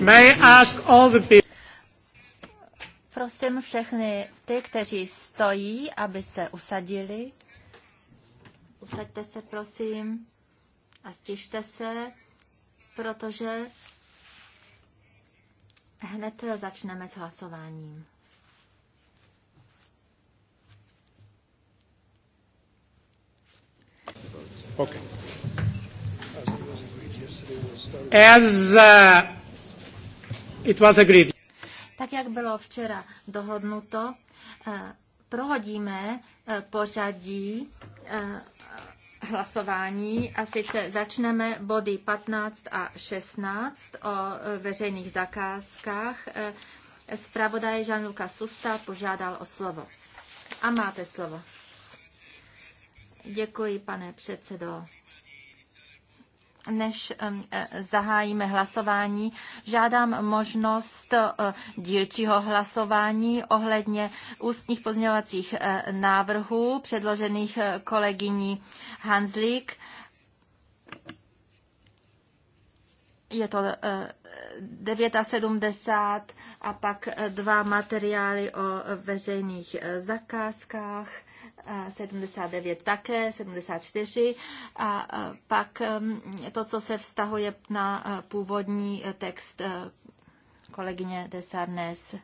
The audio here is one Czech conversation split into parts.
May I ask all the people... Prosím všechny ty, kteří stojí, aby se usadili. Usaďte se, prosím, a stište se, protože hned začneme s hlasováním. Okay. As uh, it was agreed. Tak jak bylo včera dohodnuto, eh, prohodíme eh, pořadí eh, hlasování a sice začneme body 15 a 16 o veřejných zakázkách. Zpravodaj Žanluka Susta požádal o slovo. A máte slovo. Děkuji, pane předsedo než um, eh, zahájíme hlasování, žádám možnost eh, dílčího hlasování ohledně ústních pozměňovacích eh, návrhů předložených kolegyní Hanzlík je to 79 eh, a pak eh, dva materiály o eh, veřejných zakázkách, 79 také, 74 a pak ehm, to, co se vztahuje na původní text kolegyně Desarnes.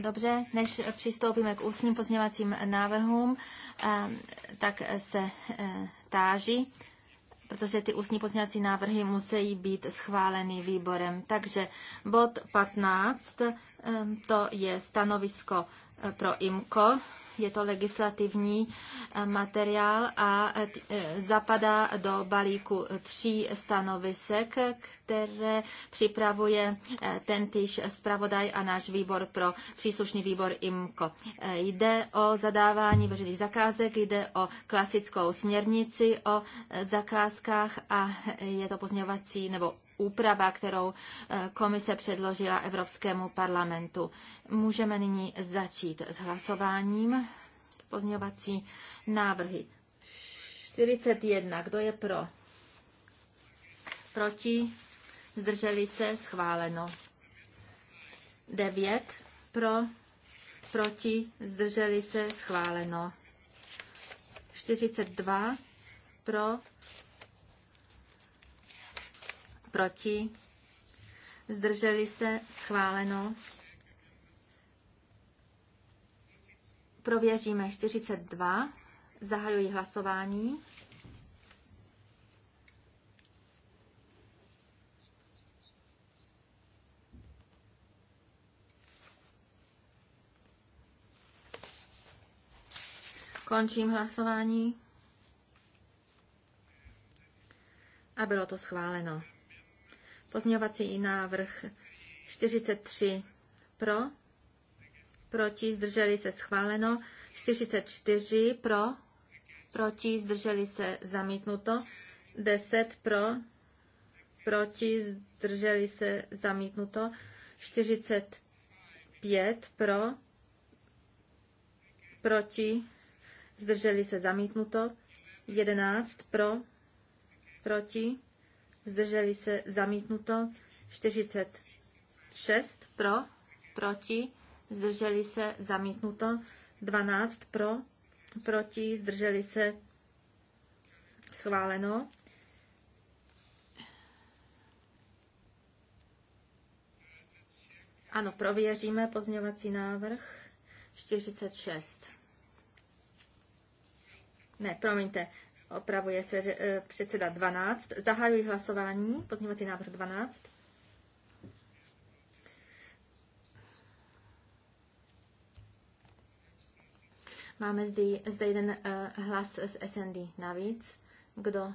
Dobře, než přistoupíme k ústním pozměvacím návrhům, eh, tak se eh, táží, protože ty ústní pozměvací návrhy musí být schváleny výborem. Takže bod 15, eh, to je stanovisko pro imko. Je to legislativní eh, materiál a eh, eh, zapadá do balíku tří stanovisek, které připravuje tentýž zpravodaj a náš výbor pro příslušný výbor IMCO. Jde o zadávání veřejných zakázek, jde o klasickou směrnici o zakázkách a je to pozměňovací nebo úprava, kterou eh, komise předložila Evropskému parlamentu. Můžeme nyní začít s hlasováním. Pozměňovací návrhy. 41. Kdo je pro? Proti? Zdrželi se? Schváleno. 9. Pro? Proti? Zdrželi se? Schváleno. 42. Pro? proti, zdrželi se, schváleno. Prověříme 42, zahajuji hlasování. Končím hlasování. A bylo to schváleno. Pozměňovací návrh 43 pro, proti, zdrželi se schváleno. 44 pro, proti, zdrželi se zamítnuto. 10 pro, proti, zdrželi se zamítnuto. 45 pro, proti, zdrželi se zamítnuto. 11 pro, proti, zdrželi se zamítnuto 46 pro, proti, zdrželi se zamítnuto 12 pro, proti, zdrželi se schváleno. Ano, prověříme pozměňovací návrh 46. Ne, promiňte, Opravuje se že, eh, předseda 12. Zahajuji hlasování. Pozměňovací návrh 12. Máme zde, zde jeden e, hlas z SND navíc. Kdo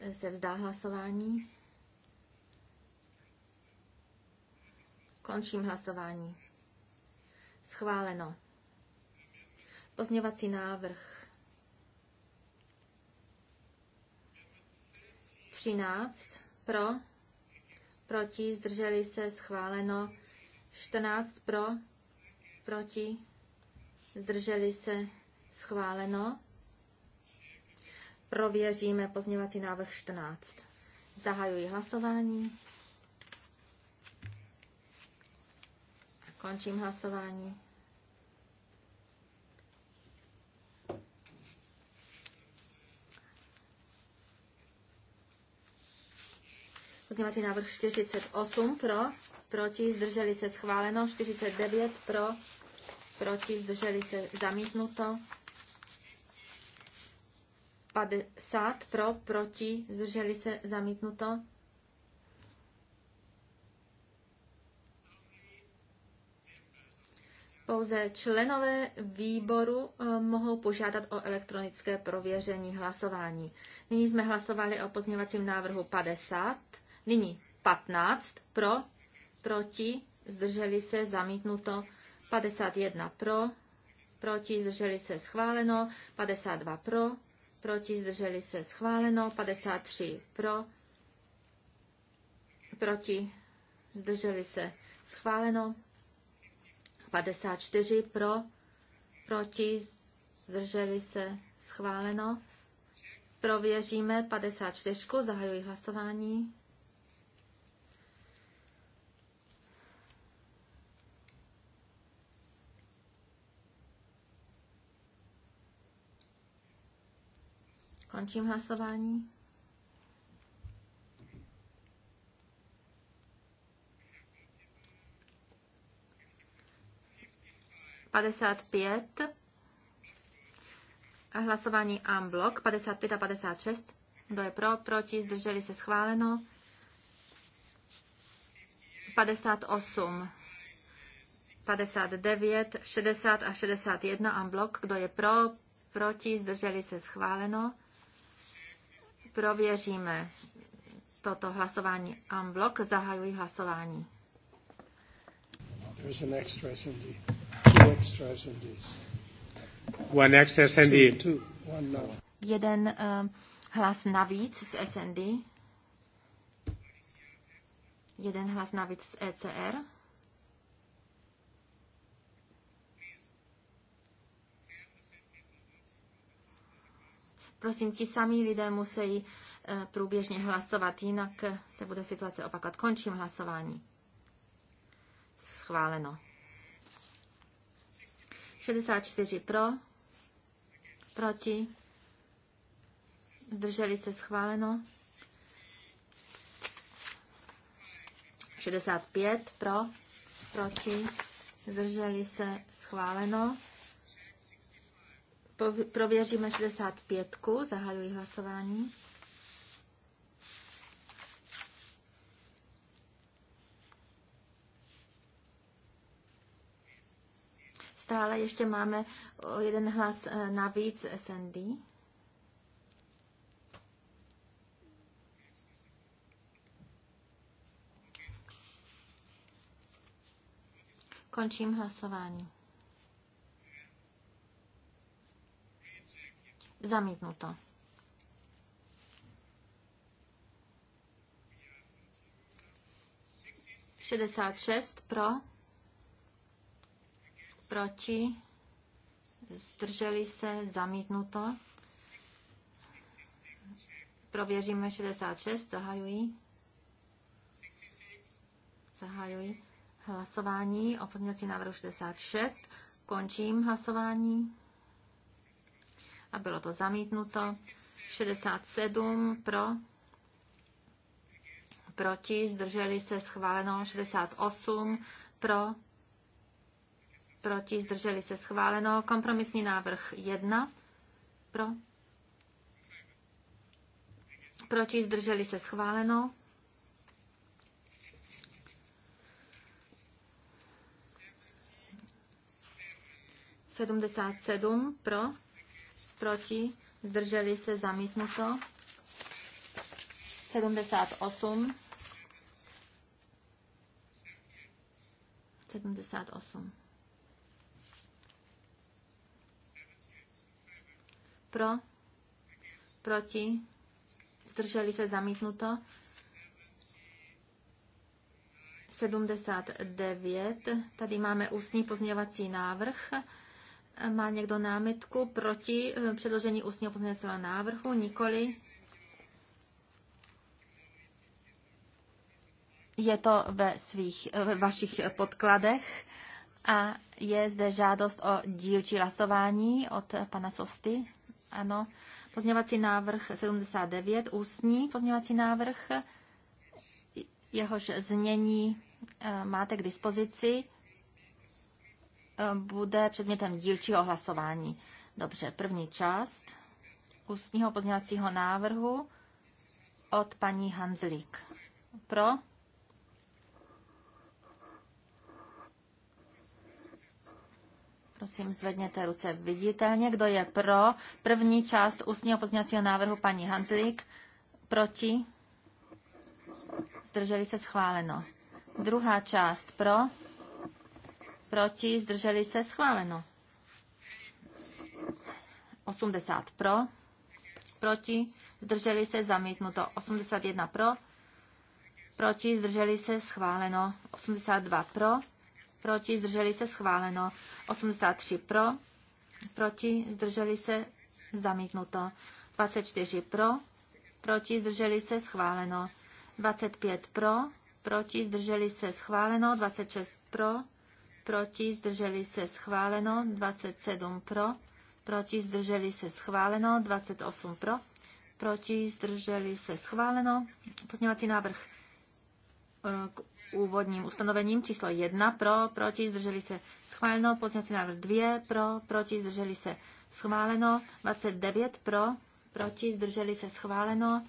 eh, se vzdá hlasování? Končím hlasování. Schváleno. Pozměvací návrh 13 pro, proti, zdrželi se, schváleno. 14 pro, proti, zdrželi se, schváleno. Prověříme pozměvací návrh 14. Zahajuji hlasování. Končím hlasování. Pozměňovací návrh 48 pro, proti, zdrželi se schváleno, 49 pro, proti, zdrželi se zamítnuto, 50 pro, proti, zdrželi se zamítnuto. Pouze členové výboru eh, mohou požádat o elektronické prověření hlasování. Nyní jsme hlasovali o pozměňovacím návrhu 50. Nyní 15 pro, proti, zdrželi se, zamítnuto. 51 pro, proti, zdrželi se, schváleno. 52 pro, proti, zdrželi se, schváleno. 53 pro, proti, zdrželi se, schváleno. 54 pro, proti, zdrželi se, schváleno. Prověříme 54, zahajuji hlasování. Končím hlasování. Padesát pět. Hlasování en bloc. 55 a 56. Kdo je pro, proti, zdrželi se schváleno. 58, 59, 60 a 61 en bloc. Kdo je pro, proti, zdrželi se schváleno. Prověříme toto hlasování en bloc. Zahajuji hlasování. There's an extra SND. Two extra SNDs. One extra SND. Two, two. One no. Jeden uh, hlas navíc z SND. Jeden hlas navíc z ECR. Prosím, ti samí lidé musí eh, průběžně hlasovat, jinak se bude situace opakovat. Končím hlasování. Schváleno. 64 pro, proti, zdrželi se schváleno. 65 pro, proti, zdrželi se schváleno. Prověříme 65. Zahajuji hlasování. Stále ještě máme o jeden hlas eh, navíc SND. Končím hlasování. Zamítnuto. Šedesát šest pro, proti, zdrželi se, zamítnuto. Prověříme 66, Zahajují. Zahajují. hlasování o pozměňovací návrhu 66. Končím hlasování a bylo to zamítnuto. 67 pro, proti, zdrželi se schváleno. 68 pro, proti, zdrželi se schváleno. Kompromisní návrh 1 pro, proti, zdrželi se schváleno. Sedmdesát sedm pro proti, zdrželi se zamítnuto. 78. 78. Pro, proti, zdrželi se zamítnuto. 79. Tady máme ústní pozměňovací návrh. Má někdo námitku proti eh, předložení ústního pozměňovacího návrhu? Nikoli. Je to ve svých, eh, ve vašich podkladech a je zde žádost o dílčí hlasování od pana Sosty. Ano, pozměňovací návrh 79, ústní pozměňovací návrh, jehož znění eh, máte k dispozici bude předmětem dílčího hlasování. Dobře, první část ústního pozměňovacího návrhu od paní Hanzlík. Pro? Prosím, zvedněte ruce viditelně. Kdo je pro první část ústního pozměňovacího návrhu paní Hanzlík? Proti? Zdrželi se schváleno. Druhá část pro? proti, zdrželi se, schváleno. 80 pro, proti, zdrželi se, zamítnuto. 81 pro, proti, zdrželi se, schváleno. 82 pro, proti, zdrželi se, schváleno. 83 pro, proti, zdrželi se, zamítnuto. 24 pro, proti, zdrželi se, schváleno. 25 pro, proti, zdrželi se, schváleno. 26 pro, proti, zdrželi se schváleno, 27 pro, proti, zdrželi se schváleno, 28 pro, proti, zdrželi se schváleno, pozměňovací návrh eh, k úvodním ustanovením číslo 1 pro, proti, zdrželi se schváleno, pozměňovací návrh 2 pro, proti, zdrželi se schváleno, 29 pro, proti, zdrželi se schváleno,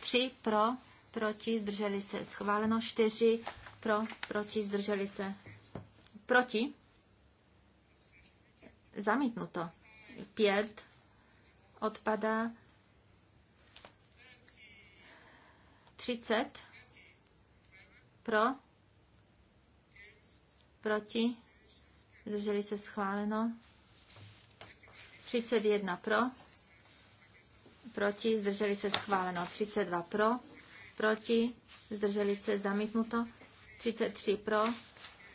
3 pro, proti, zdrželi se schváleno, 4 pro, proti, zdrželi se Proti? Zamítnuto. Pět odpadá. Třicet pro, proti, zdrželi se schváleno. 31 pro, proti, zdrželi se schváleno. 32 pro, proti, zdrželi se zamítnuto. 33 pro,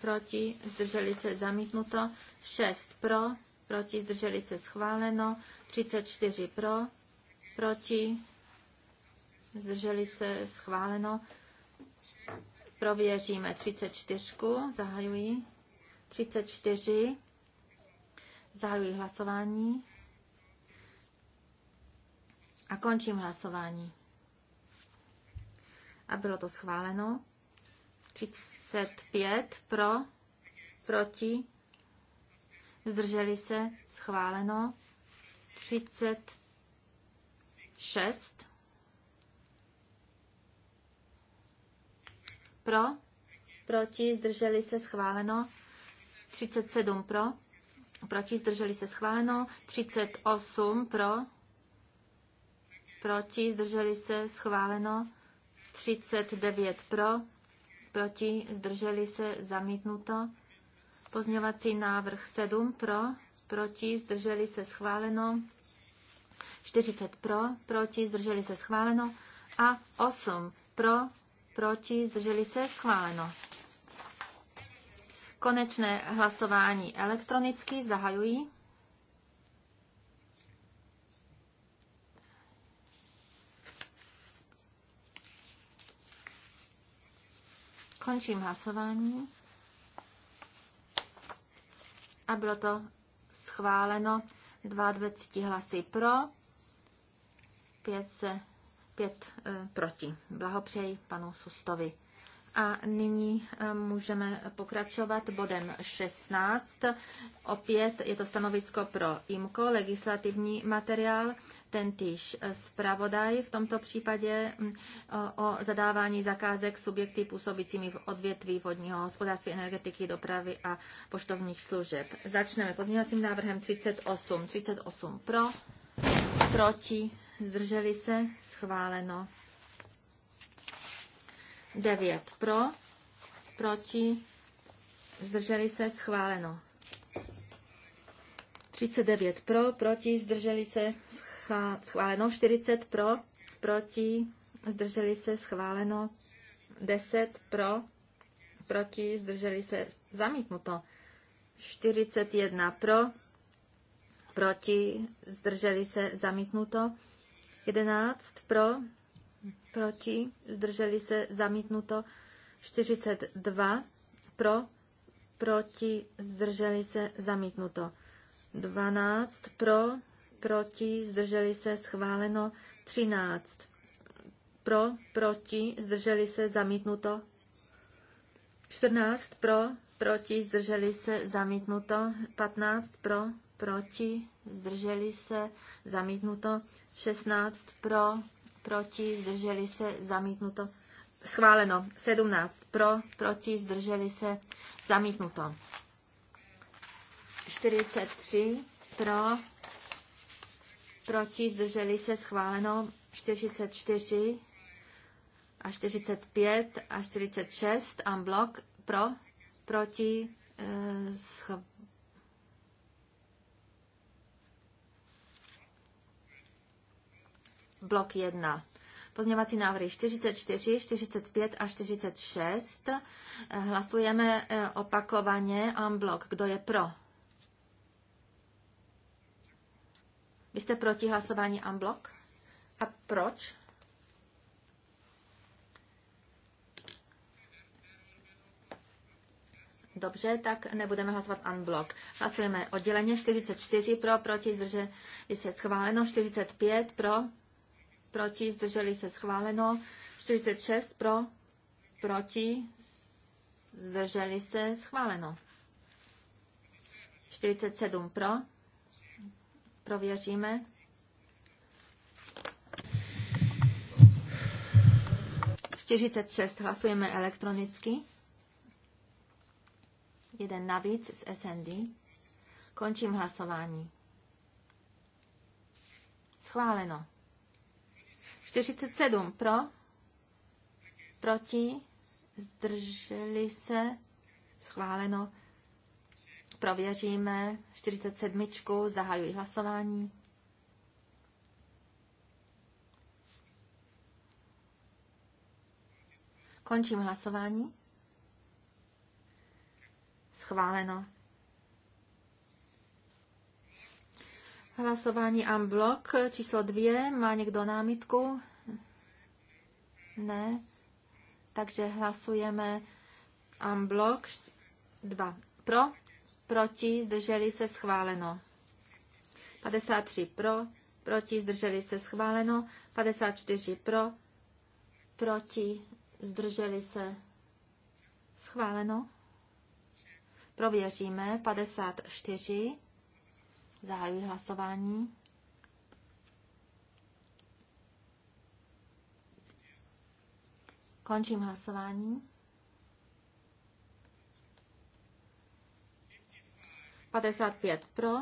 proti, zdrželi se zamítnuto, 6 pro, proti, zdrželi se schváleno, 34 pro, proti, zdrželi se schváleno, prověříme 34, zahajuji, 34, zahajuji hlasování a končím hlasování. A bylo to schváleno. 35 pro, proti, zdrželi se, schváleno. 36 pro, proti, zdrželi se, schváleno. 37 pro, proti, zdrželi se, schváleno. 38 pro, proti, zdrželi se, schváleno. 39 pro, proti, zdrželi se, zamítnuto. Pozměňovací návrh 7 pro, proti, zdrželi se, schváleno. 40 pro, proti, zdrželi se, schváleno. A 8 pro, proti, zdrželi se, schváleno. Konečné hlasování elektronicky zahajují. Končím hlasování. A bylo to schváleno 22 hlasy pro, 5, 5 e, proti. Blahopřeji panu Sustovi. A nyní eh, můžeme pokračovat bodem 16. Opět je to stanovisko pro IMCO, legislativní materiál, tentýž eh, zpravodaj v tomto případě mm, o, o zadávání zakázek subjekty působícími v odvětví vodního hospodářství, energetiky, dopravy a poštovních služeb. Začneme pozměňovacím návrhem 38. 38 pro, proti, zdrželi se, schváleno. 9 pro, proti, zdrželi se, schváleno. 39 pro, proti, zdrželi se, schváleno. 40 pro, proti, zdrželi se, schváleno. 10 pro, proti, zdrželi se, zamítnuto. 41 pro, proti, zdrželi se, zamítnuto. 11 pro, proti, zdrželi se, zamítnuto 42, pro, proti, zdrželi se, zamítnuto 12, pro, proti, zdrželi se, schváleno 13, pro, proti, zdrželi se, zamítnuto 14, pro, proti, zdrželi se, zamítnuto 15, pro, proti, zdrželi se, zamítnuto 16, pro, proti, zdrželi se, zamítnuto. Schváleno. 17 pro, proti, zdrželi se, zamítnuto. 43 pro, proti, zdrželi se, schváleno. 44 a 45 a 46 en blok pro, proti, eh, schváleno blok 1. Pozněvací návrhy 44, 45 a 46. Eh, Hlasujeme eh, opakovaně en blok. Kdo je pro? Vy jste proti hlasování en blok? A proč? Dobře, tak nebudeme hlasovat unblock. Hlasujeme odděleně 44 pro, proti zdrželi se schváleno, 45 pro, proti, zdrželi se schváleno, 46 pro, proti, zdrželi se schváleno, 47 pro, prověříme. Čtyřicet šest hlasujeme elektronicky. Jeden navíc z SND. Končím hlasování. Schváleno. 47 pro, proti, zdrželi se, schváleno. Prověříme 47. Zahajuji hlasování. Končím hlasování. Schváleno. Hlasování en blok číslo dvě. Má někdo námitku? Ne. Takže hlasujeme en blok dva. Pro, proti, zdrželi se schváleno. 53 pro, proti, zdrželi se schváleno. 54 pro, proti, zdrželi se schváleno. Prověříme 54. Zahajuji hlasování. Končím hlasování. 55 pro,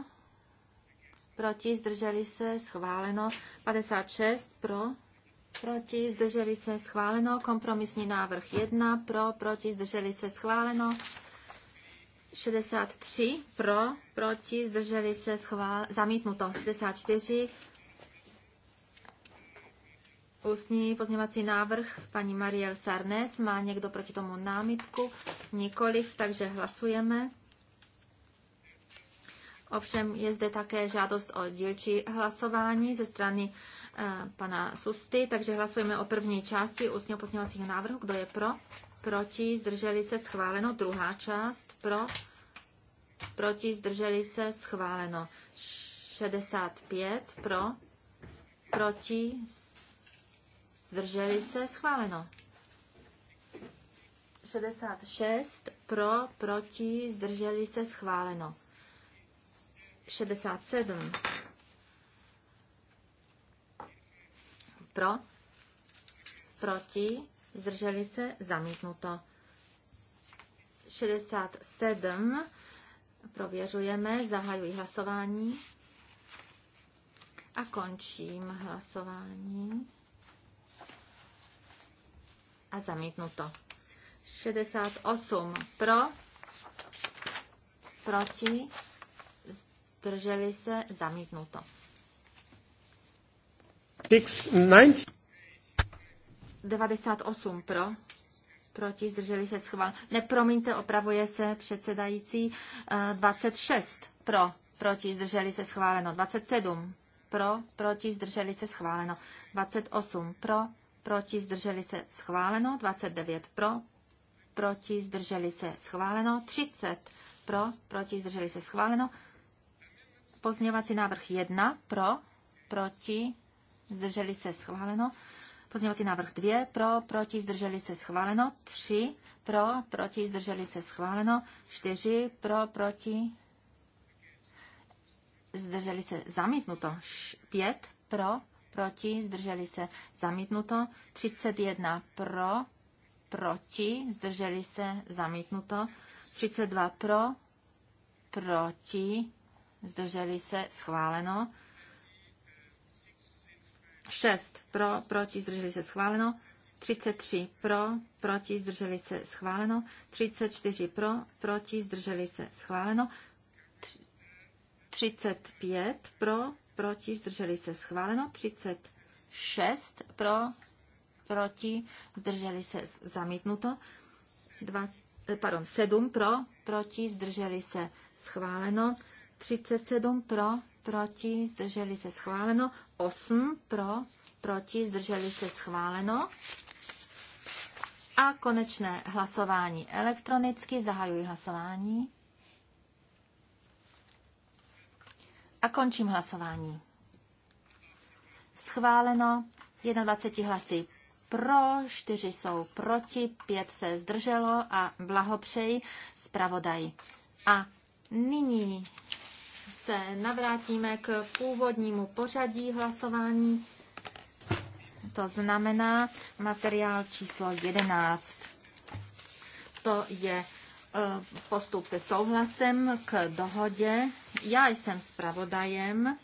proti, zdrželi se, schváleno. 56 pro, proti, zdrželi se, schváleno. Kompromisní návrh 1 pro, proti, zdrželi se, schváleno. 63 pro, proti, zdrželi se, schvál, zamítnuto. 64 ústní pozměvací návrh paní Mariel Sarnes. Má někdo proti tomu námitku? Nikoliv, takže hlasujeme. Ovšem je zde také žádost o dílčí hlasování ze strany uh, pana Susty, takže hlasujeme o první části ústního pozměvacího návrhu. Kdo je pro? proti, zdrželi se, schváleno. Druhá část pro, proti, zdrželi se, schváleno. 65 pro, proti, zdrželi se, schváleno. 66 pro, proti, zdrželi se, schváleno. 67 pro, proti, zdrželi se, zamítnuto. 67 prověřujeme, zahajuji hlasování a končím hlasování a zamítnuto. 68 pro, proti, zdrželi se, zamítnuto. Six, nine, 98 pro, proti, zdrželi se schvál. Nepromiňte, opravuje se předsedající 26 eh, pro, proti, zdrželi se schváleno. 27 pro, proti, zdrželi se schváleno. 28 pro, proti, zdrželi se schváleno. 29 pro, proti, zdrželi se schváleno. 30 pro, proti, zdrželi se schváleno. Pozměňovací návrh 1 pro, proti, zdrželi se schváleno. Pozměňovací návrh 2 pro, proti, zdrželi se schváleno. 3 pro, proti, zdrželi se schváleno. 4 pro, proti, zdrželi se zamítnuto. 5 pro, proti, zdrželi se zamítnuto. 31 pro, proti, zdrželi se zamítnuto. 32 pro, proti, zdrželi se schváleno. 6 pro, proti, zdrželi se schváleno. 33 pro, proti, zdrželi se schváleno. 34 pro, proti, zdrželi se schváleno. 35 pro, proti, zdrželi se schváleno. 36 pro, proti, zdrželi se zamítnuto. 2, eh, pardon, 7 pro, proti, zdrželi se schváleno. 37 pro, proti, zdrželi se schváleno. 8 pro, proti, zdrželi se schváleno. A konečné hlasování elektronicky. Zahajuji hlasování. A končím hlasování. Schváleno 21 hlasy pro, 4 jsou proti, 5 se zdrželo a blahopřeji zpravodaj. A nyní se navrátíme k původnímu pořadí hlasování. To znamená materiál číslo 11. To je e, postup se souhlasem k dohodě. Já jsem zpravodajem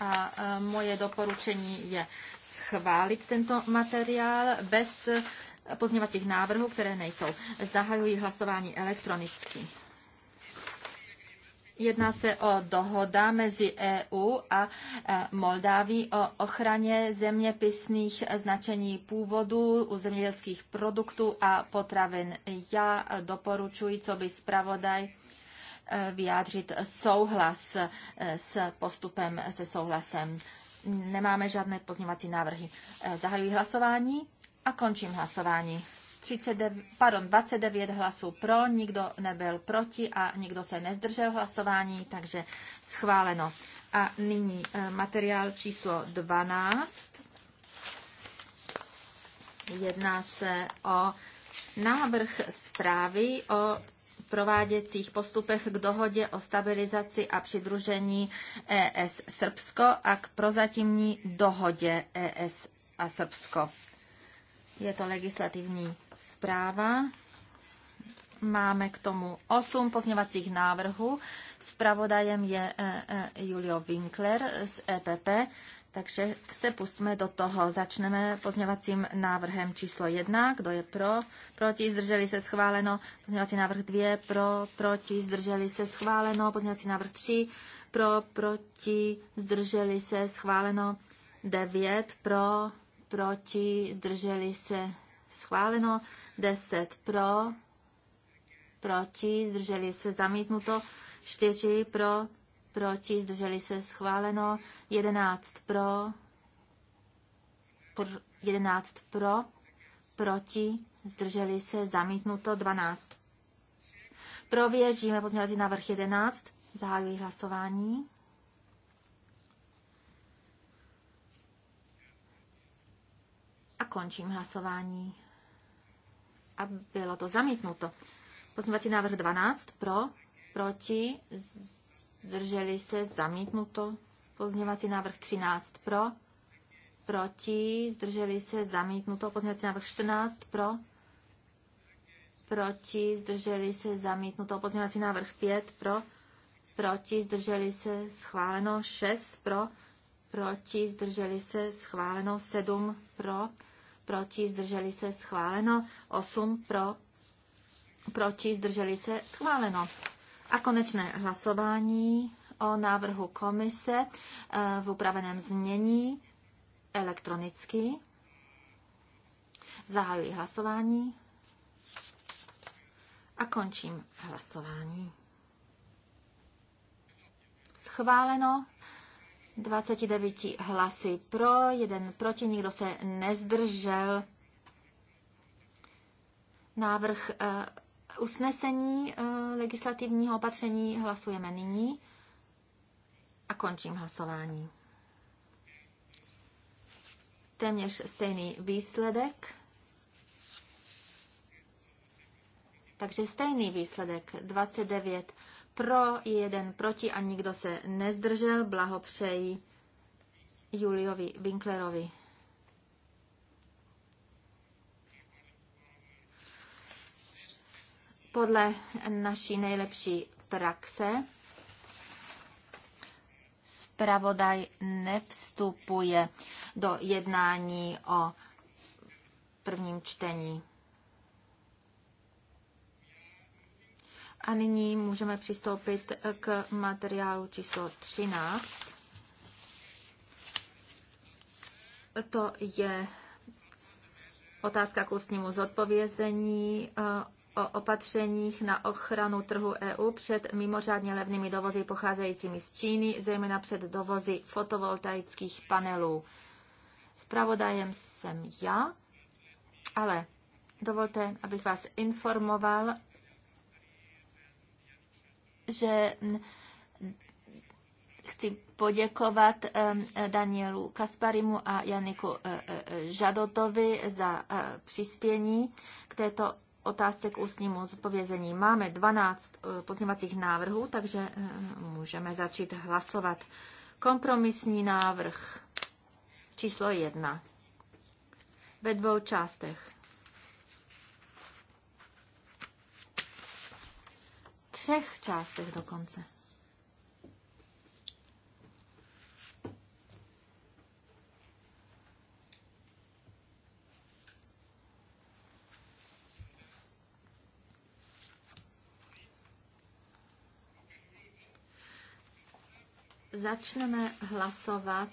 a e, moje doporučení je schválit tento materiál bez pozněvacích návrhů, které nejsou. Zahajuji hlasování elektronicky. Jedná se o dohoda mezi EU a e, Moldáví o ochraně zeměpisných značení původu u zemědělských produktů a potravin. Já doporučuji, co by zpravodaj e, vyjádřit souhlas e, s postupem se souhlasem. Nemáme žádné pozměňovací návrhy. Zahajuji hlasování a končím hlasování. 39, pardon, 29 hlasů pro, nikdo nebyl proti a nikdo se nezdržel hlasování, takže schváleno. A nyní eh, materiál číslo 12. Jedná se o návrh zprávy o prováděcích postupech k dohodě o stabilizaci a přidružení ES Srbsko a k prozatímní dohodě ES a Srbsko. Je to legislativní zpráva. Máme k tomu osm pozměvacích návrhů. Spravodajem je e, e, Julio Winkler z EPP, takže se pustíme do toho. Začneme pozměvacím návrhem číslo jedna. Kdo je pro? Proti? Zdrželi se schváleno. Pozměvací návrh dvě. Pro? Proti? Zdrželi se schváleno. Pozměvací návrh tři. Pro? Proti? Zdrželi se schváleno. Devět. Pro? Proti? Zdrželi se schváleno, 10 pro, proti, zdrželi se zamítnuto, 4 pro, proti, zdrželi se schváleno, 11 pro, pr, 11 pro, proti, zdrželi se zamítnuto, 12. Prověříme pozměňovací návrh 11, zahajuji hlasování. A končím hlasování a bylo to zamítnuto. Pozměňovací návrh 12 pro, proti, zdrželi se, zamítnuto. Pozměňovací návrh 13 pro, proti, zdrželi se, zamítnuto. Pozměňovací návrh 14 pro, proti, zdrželi se, zamítnuto. Pozměňovací návrh 5 pro, proti, zdrželi se, schváleno. 6 pro, proti, zdrželi se, schváleno. 7 pro, proti, zdrželi se, schváleno. 8 pro, proti, zdrželi se, schváleno. A konečné hlasování o návrhu komise eh, v upraveném znění elektronicky. Zahajuji hlasování a končím hlasování. Schváleno 29 hlasy pro, jeden proti, nikdo se nezdržel. Návrh eh, usnesení eh, legislativního opatření hlasujeme nyní a končím hlasování. Téměř stejný výsledek. Takže stejný výsledek 29 pro, jeden proti a nikdo se nezdržel. Blahopřeji Juliovi Winklerovi. Podle naší nejlepší praxe zpravodaj nevstupuje do jednání o prvním čtení. A nyní můžeme přistoupit k materiálu číslo 13. To je otázka k ústnímu zodpovězení eh, o opatřeních na ochranu trhu EU před mimořádně levnými dovozy pocházejícími z Číny, zejména před dovozy fotovoltaických panelů. Spravodajem jsem já, ale dovolte, abych vás informoval že chci poděkovat Danielu Kasparimu a Janiku e, e, Žadotovi za e, přispění k této otázce k ústnímu zodpovězení. Máme 12 pozněvacích návrhů, takže můžeme začít hlasovat. Kompromisní návrh číslo 1 ve dvou částech. třech částech dokonce. Začneme hlasovat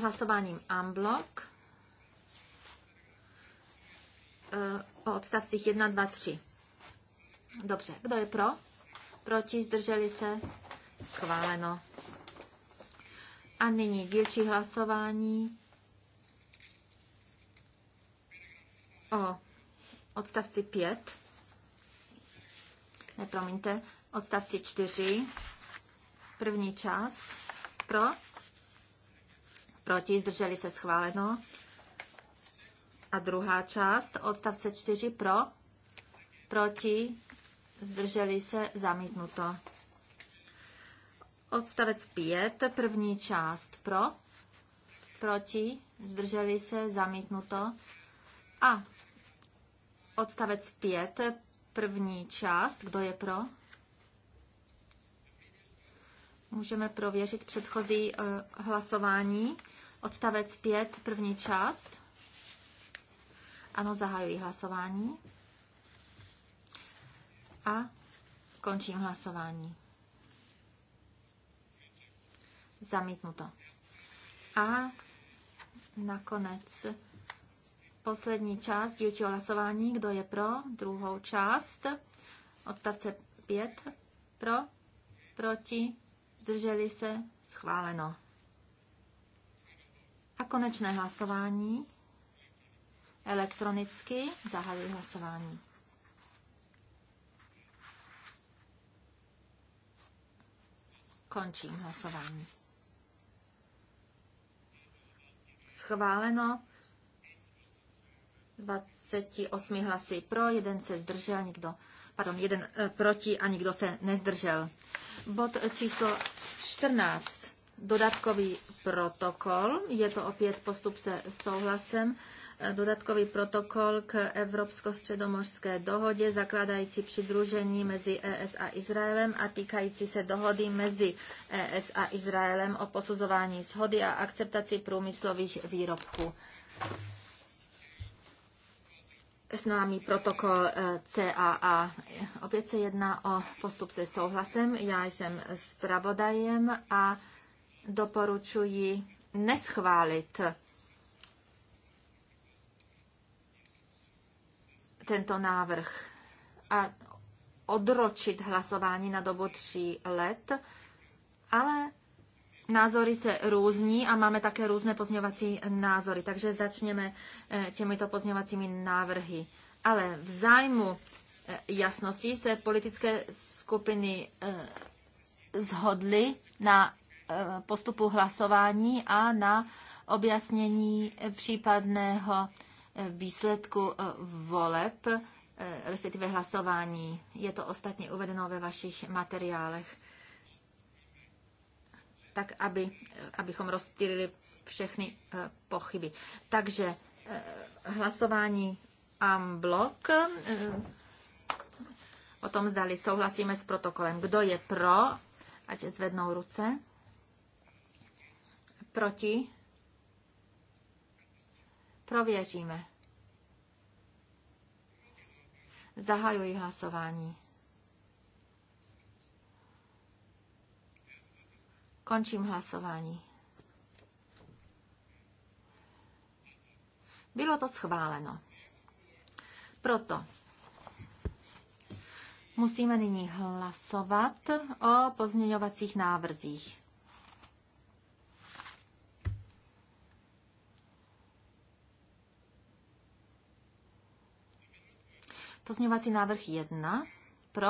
hlasováním Amblok eh, o odstavcích 1, 2, 3. Dobře, kdo je pro? Proti, zdrželi se? Schváleno. A nyní dílčí hlasování o odstavci 5. Ne, promiňte, odstavci 4. První část. Pro? Proti, zdrželi se schváleno. A druhá část, odstavce 4 pro, proti, zdrželi se, zamítnuto. Odstavec 5, první část pro, proti, zdrželi se, zamítnuto. A odstavec 5, první část, kdo je pro? Můžeme prověřit předchozí eh, hlasování. Odstavec 5, první část. Ano, zahajuji hlasování. A končím hlasování. Zamítnuto. A nakonec poslední část dílčího hlasování. Kdo je pro druhou část? Odstavce 5. Pro, proti, zdrželi se, schváleno. A konečné hlasování. Elektronicky zahajuji hlasování. Končím hlasování. Schváleno. 28 hlasy pro, jeden se zdržel, nikdo, pardon, jeden eh, proti a nikdo se nezdržel. Bod číslo 14. Dodatkový protokol. Je to opět postup se souhlasem dodatkový protokol k Evropsko-středomořské dohodě zakládající přidružení mezi ES a Izraelem a týkající se dohody mezi ES a Izraelem o posuzování shody a akceptaci průmyslových výrobků. námi protokol eh, CAA. Opět se jedná o postup se souhlasem. Já jsem zpravodajem a doporučuji neschválit tento návrh a odročit hlasování na dobu tří let, ale názory se různí a máme také různé pozměvací názory, takže začněme eh, těmito pozměvacími návrhy. Ale v zájmu eh, jasnosti se politické skupiny eh, zhodly na postupu hlasování a na objasnění případného výsledku eh, voleb, eh, respektive hlasování. Je to ostatně uvedeno ve vašich materiálech, tak aby, eh, abychom rozptýlili všechny pochyby. Takže hlasování amblok o tom zdali souhlasíme s protokolem. Kdo je pro, ať zvednou ruce. Proti. Prověříme. Zahajuji hlasování. Končím hlasování. Bylo to schváleno. Proto musíme nyní hlasovat o pozměňovacích návrzích. Pozměňovací návrh 1 pro,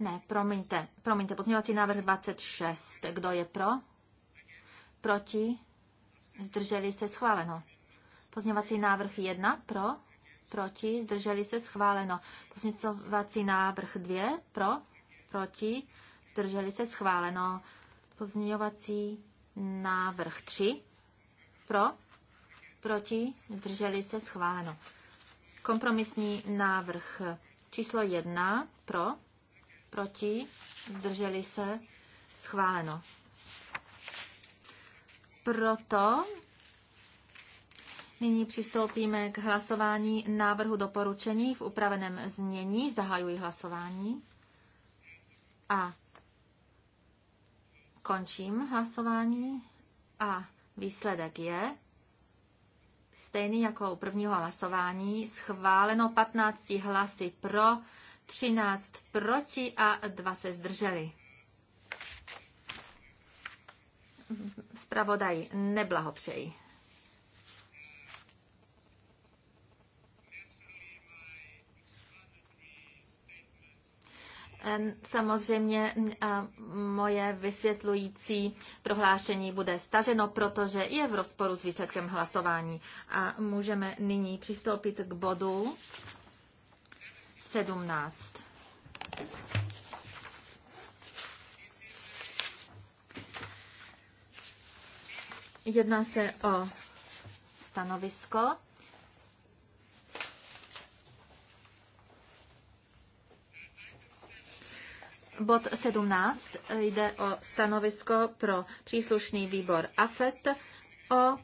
Ne, promiňte, promiňte, pozměňovací návrh 26. Kdo je pro? Proti? Zdrželi se schváleno. Pozměňovací návrh 1 pro, proti, zdrželi se schváleno. Pozměňovací návrh 2 pro, proti, zdrželi se schváleno. Pozměňovací návrh 3 pro, proti, zdrželi se, schváleno. Kompromisní návrh číslo 1, pro, proti, zdrželi se, schváleno. Proto nyní přistoupíme k hlasování návrhu doporučení v upraveném znění. Zahajuji hlasování a končím hlasování a výsledek je stejný jako u prvního hlasování, schváleno 15 hlasy pro, 13 proti a 2 se zdrželi. Zpravodaji, neblahopřeji. Samozřejmě moje vysvětlující prohlášení bude staženo, protože je v rozporu s výsledkem hlasování. A můžeme nyní přistoupit k bodu 17. Jedná se o stanovisko Bod 17 eh, jde o stanovisko pro příslušný výbor AFET o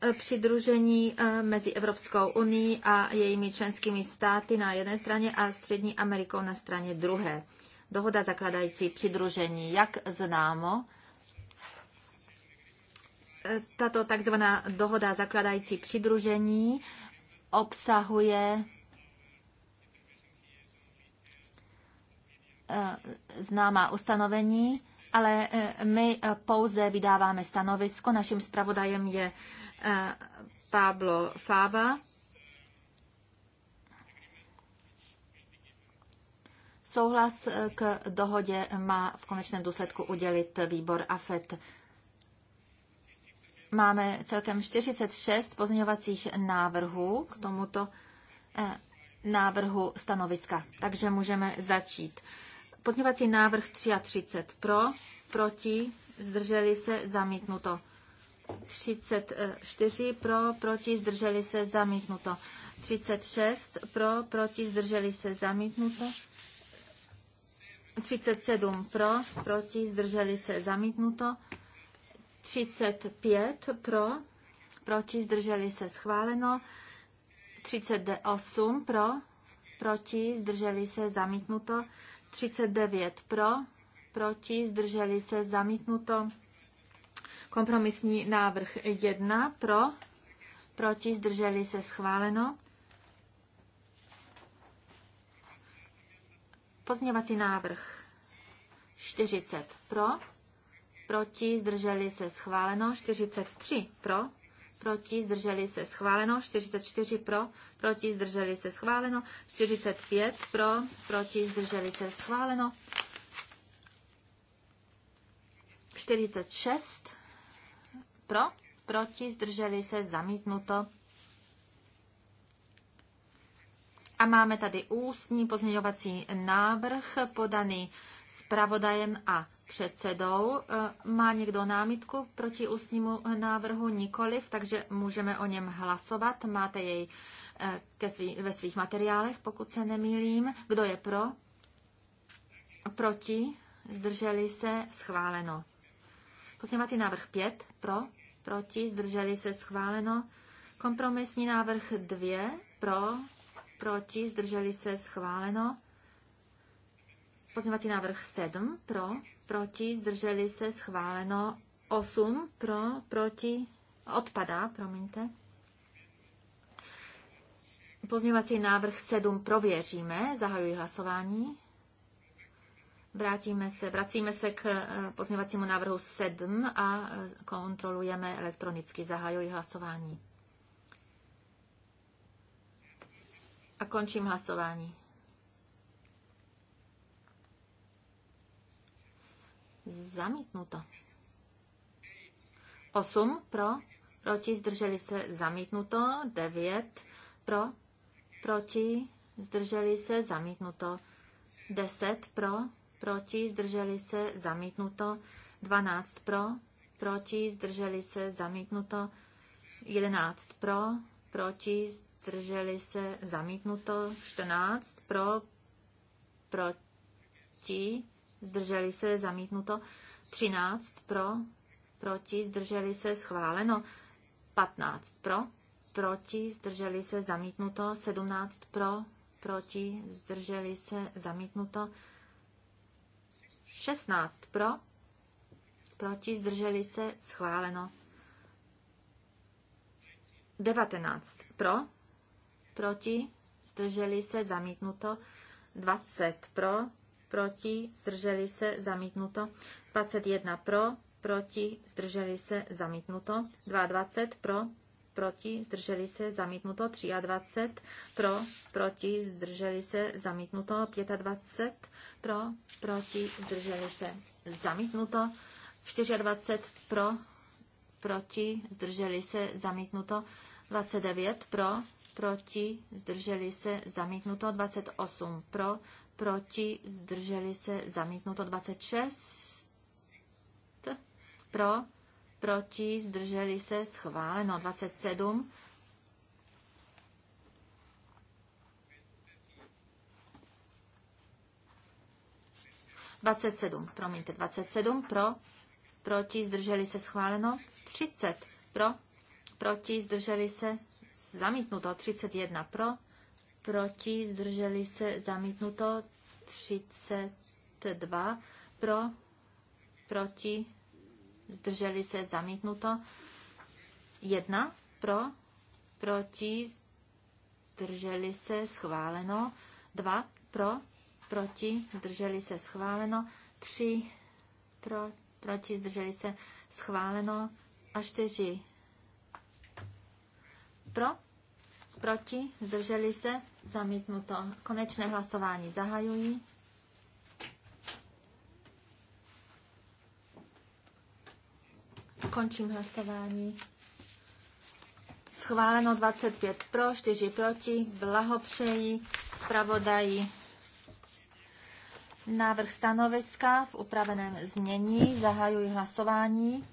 eh, přidružení eh, mezi Evropskou unii a jejími členskými státy na jedné straně a Střední Amerikou na straně druhé. Dohoda zakladající přidružení, jak známo, tato takzvaná dohoda zakladající přidružení obsahuje Eh, známá ustanovení, ale eh, my eh, pouze vydáváme stanovisko. Naším zpravodajem je Pablo Fava. Souhlas k dohodě má v konečném důsledku udělit výbor AFET. Máme celkem 46 pozměňovacích návrhů k tomuto návrhu stanoviska, takže můžeme začít. Pozměňovací návrh 33 pro, proti, zdrželi se, zamítnuto. 34 pro, proti, zdrželi se, zamítnuto. 36 pro, proti, zdrželi se, zamítnuto. 37 pro, proti, zdrželi se, zamítnuto. 35 pro, proti, zdrželi se, schváleno. 38 pro, proti, zdrželi se, zamítnuto. 39 pro, proti, zdrželi se, zamítnuto. Kompromisní návrh 1 pro, proti, zdrželi se, schváleno. Pozměňovací návrh 40 pro, proti, zdrželi se, schváleno. 43 pro, proti, zdrželi se schváleno, 44 pro, proti, zdrželi se schváleno, 45 pro, proti, zdrželi se schváleno, 46 pro, proti, zdrželi se zamítnuto. A máme tady ústní pozměňovací návrh podaný zpravodajem a předsedou. E, má někdo námitku proti ústnímu návrhu? Nikoliv, takže můžeme o něm hlasovat. Máte jej e, ke svý, ve svých materiálech, pokud se nemýlím. Kdo je pro? Proti? Zdrželi se? Schváleno. Pozměňovací návrh 5. Pro? Proti? Zdrželi se? Schváleno. Kompromisní návrh 2. Pro? Proti? Zdrželi se? Schváleno. Pozměňovací návrh 7. Pro? proti, zdrželi se, schváleno. 8 pro, proti, odpadá, promiňte. pozněvací návrh 7 prověříme, zahajuji hlasování. Vrátíme se, vracíme se k eh, pozněvacímu návrhu 7 a eh, kontrolujeme elektronicky. Zahajuji hlasování. A končím hlasování. Zamítnuto. 8 pro, proti, zdrželi se, zamítnuto. 9 pro, proti, zdrželi se, zamítnuto. 10 pro, proti, zdrželi se, zamítnuto. 12 pro, proti, zdrželi se, zamítnuto. 11 pro, proti, zdrželi se, zamítnuto. 14 pro, proti, zdrželi se, zamítnuto. 13 pro, proti, zdrželi se, schváleno. 15 pro, proti, zdrželi se, zamítnuto. 17 pro, proti, zdrželi se, zamítnuto. 16 pro, proti, zdrželi se, schváleno. 19 pro, proti, zdrželi se, zamítnuto. 20 pro, proti, zdrželi se, zamítnuto. 21 pro, proti, zdrželi se, zamítnuto. 22 pro, proti, zdrželi se, zamítnuto. 23 pro, proti, zdrželi se, zamítnuto. 25 pro, proti, zdrželi se, zamítnuto. 24 pro, proti, zdrželi se, zamítnuto. 29 pro, proti, zdrželi se, zamítnuto, 28 pro, proti, zdrželi se, zamítnuto 26, pro, proti, zdrželi se, schváleno 27, Dvacet sedm, promiňte, dvacet sedm pro, proti, zdrželi se, schváleno, třicet pro, proti, zdrželi se, zamítnuto, třicet jedna pro, proti, zdrželi se, zamítnuto 32, pro, proti, zdrželi se, zamítnuto 1, pro, proti, zdrželi se, schváleno 2, pro, proti, zdrželi se, schváleno 3, pro, proti, zdrželi se, schváleno a 4, pro, proti, zdrželi se, zamítnuto. Konečné hlasování zahajují. Končím hlasování. Schváleno 25 pro, 4 proti. Blahopřeji zpravodaji. Návrh stanoviska v upraveném znění. Zahajuji hlasování.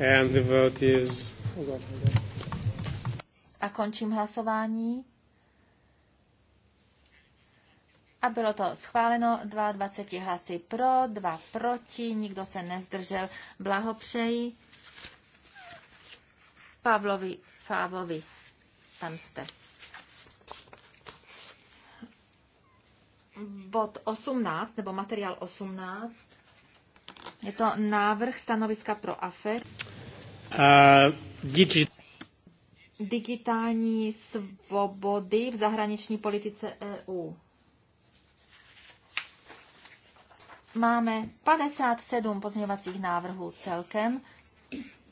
And the vote is... A končím hlasování. A bylo to schváleno 22 hlasy pro, 2 proti, nikdo se nezdržel. Blahopřeji Pavlovi Fávovi. Tam jste. Bod 18, nebo materiál 18. Je to návrh stanoviska pro AFE. Uh, eh, digi digitální svobody v zahraniční politice EU. Máme 57 pozměňovacích návrhů celkem.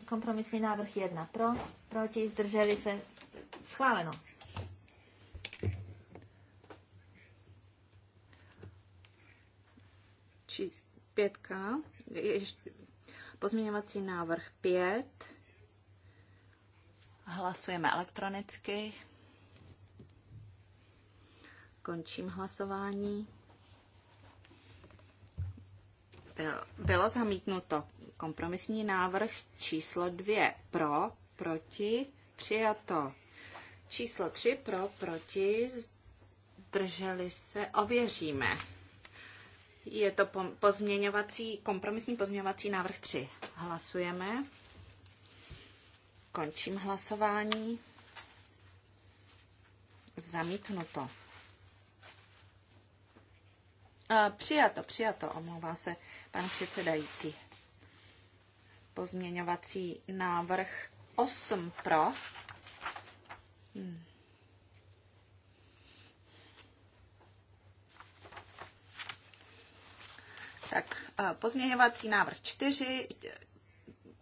Kompromisní návrh 1 pro, proti, zdrželi se, schváleno. Či pětka, pozměňovací návrh 5 Hlasujeme elektronicky. Končím hlasování. Bylo zamítnuto kompromisní návrh číslo 2 pro, proti, přijato. Číslo 3 pro, proti, zdrželi se, ověříme. Je to pozměňovací, kompromisní pozměňovací návrh 3. Hlasujeme. Končím hlasování. Zamítnuto. E, přijato, přijato, omlouvá se pan předsedající. Pozměňovací návrh 8 pro. Hmm. Tak e, pozměňovací návrh 4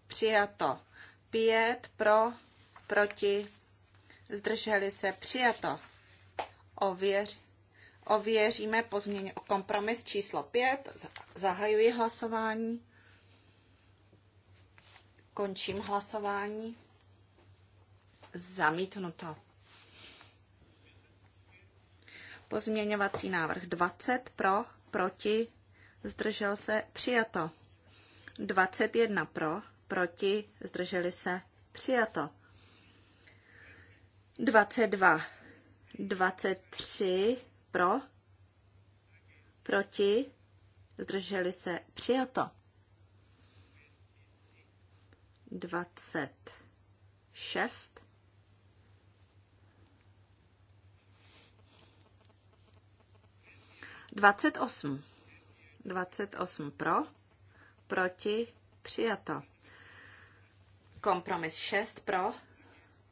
přijato 5 pro, proti, zdrželi se, přijato. Ověř, ověříme pozměně, o kompromis číslo 5. Zahajuji hlasování. Končím hlasování. Zamítnuto. Pozměňovací návrh 20 pro, proti, zdržel se, přijato. 21 pro, proti, zdrželi se, přijato. 22, 23 pro, proti, zdrželi se, přijato. 26, Dvacet osm. Dvacet osm pro, proti, přijato. Kompromis 6 pro,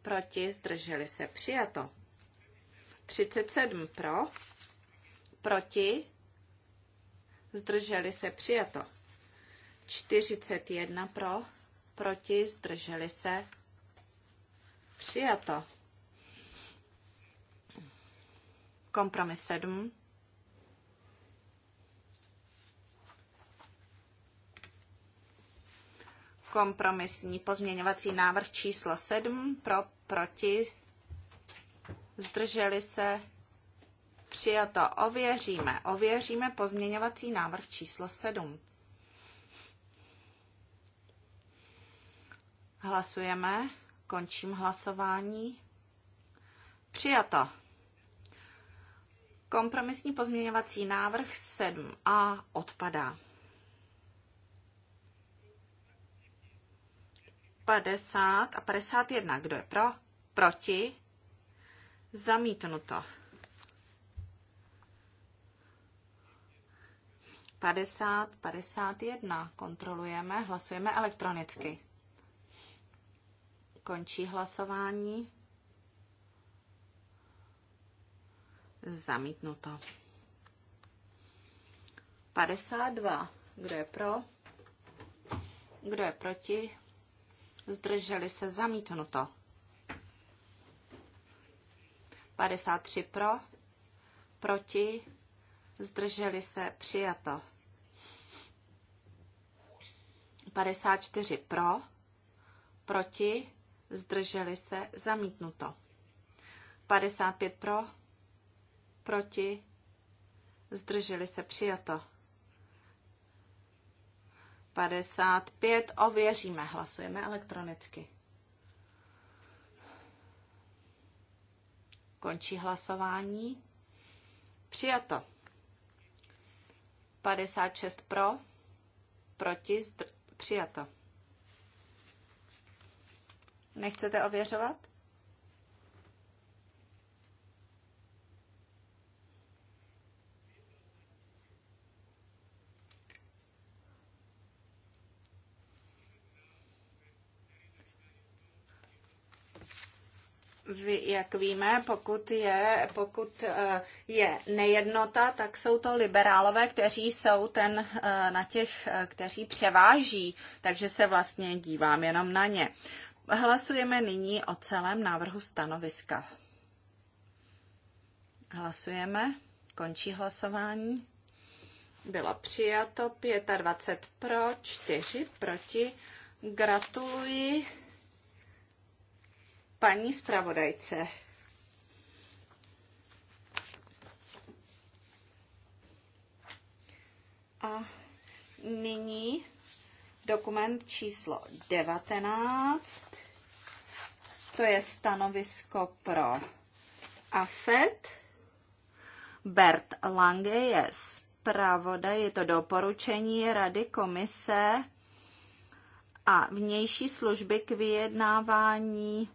proti, zdrželi se, přijato. 37 pro, proti, zdrželi se, přijato. 41 pro, proti, zdrželi se, přijato. Kompromis 7 Kompromisní pozměňovací návrh číslo 7 pro, proti, zdrželi se, přijato. Ověříme, ověříme pozměňovací návrh číslo 7. Hlasujeme, končím hlasování. Přijato. Kompromisní pozměňovací návrh 7a odpadá. 50 a 51. Kdo je pro? Proti? Zamítnuto. 50, 51. Kontrolujeme, hlasujeme elektronicky. Končí hlasování. Zamítnuto. 52. Kdo je pro? Kdo je proti? zdrželi se zamítnuto. 53 pro, proti, zdrželi se přijato. 54 pro, proti, zdrželi se zamítnuto. 55 pro, proti, zdrželi se přijato. 55 ověříme, hlasujeme elektronicky. Končí hlasování. Přijato. 56 pro, proti, zdr- přijato. Nechcete ověřovat? jak víme, pokud je, pokud eh, je nejednota, tak jsou to liberálové, kteří jsou ten eh, na těch, eh, kteří převáží, takže se vlastně dívám jenom na ně. Hlasujeme nyní o celém návrhu stanoviska. Hlasujeme. Končí hlasování. Bylo přijato 25 pro, 4 proti. Gratuluji paní zpravodajce. A nyní dokument číslo 19. To je stanovisko pro AFET. Bert Lange je zpravodaj, je to doporučení Rady komise a vnější služby k vyjednávání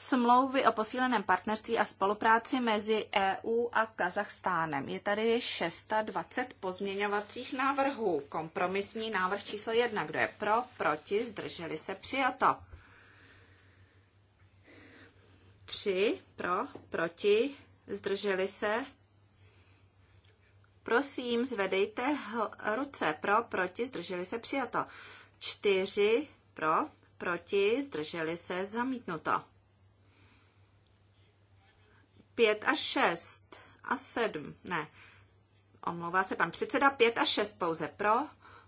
smlouvy o posíleném partnerství a spolupráci mezi EU a Kazachstánem. Je tady 620 pozměňovacích návrhů. Kompromisní návrh číslo jedna, Kdo je pro, proti, zdrželi se, přijato. Tři Pro, proti, zdrželi se. Prosím, zvedejte ruce. Pro, proti, zdrželi se, přijato. čtyři Pro, proti, zdrželi se, zamítnuto. 5 a 6 a 7, ne, omlouvá se pan předseda, 5 a 6 pouze pro,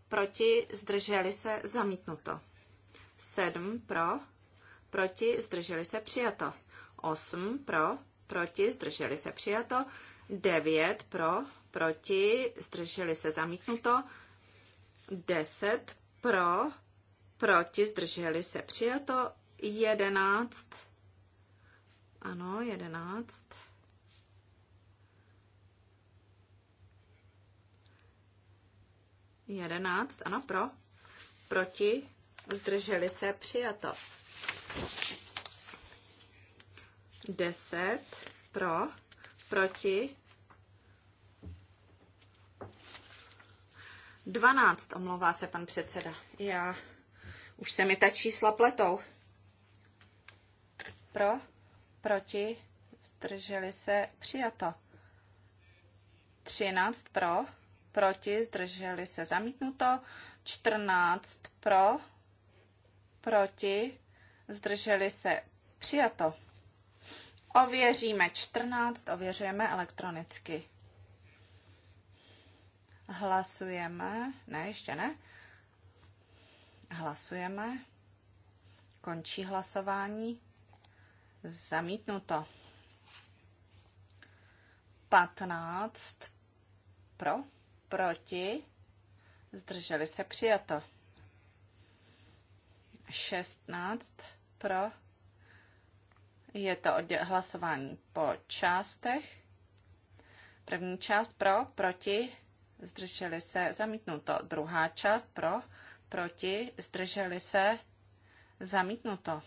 proti, zdrželi se, zamítnuto. 7 pro, proti, zdrželi se, přijato. 8 pro, proti, zdrželi se, přijato. 9 pro, proti, zdrželi se, zamítnuto. 10 pro, proti, zdrželi se, přijato. 11 ano, jedenáct. Jedenáct, ano, pro. Proti, zdrželi se, přijato. Deset, pro, proti. Dvanáct, omlouvá se pan předseda. Já, už se mi ta čísla pletou. Pro, proti, zdrželi se, přijato. 13 pro, proti, zdrželi se, zamítnuto. 14 pro, proti, zdrželi se, přijato. Ověříme 14, ověřujeme elektronicky. Hlasujeme, ne, ještě ne. Hlasujeme. Končí hlasování. Zamítnuto. 15 pro, proti, zdrželi se přijato. 16 pro, je to hlasování po částech. První část pro, proti, zdrželi se, zamítnuto. Druhá část pro, proti, zdrželi se, zamítnuto.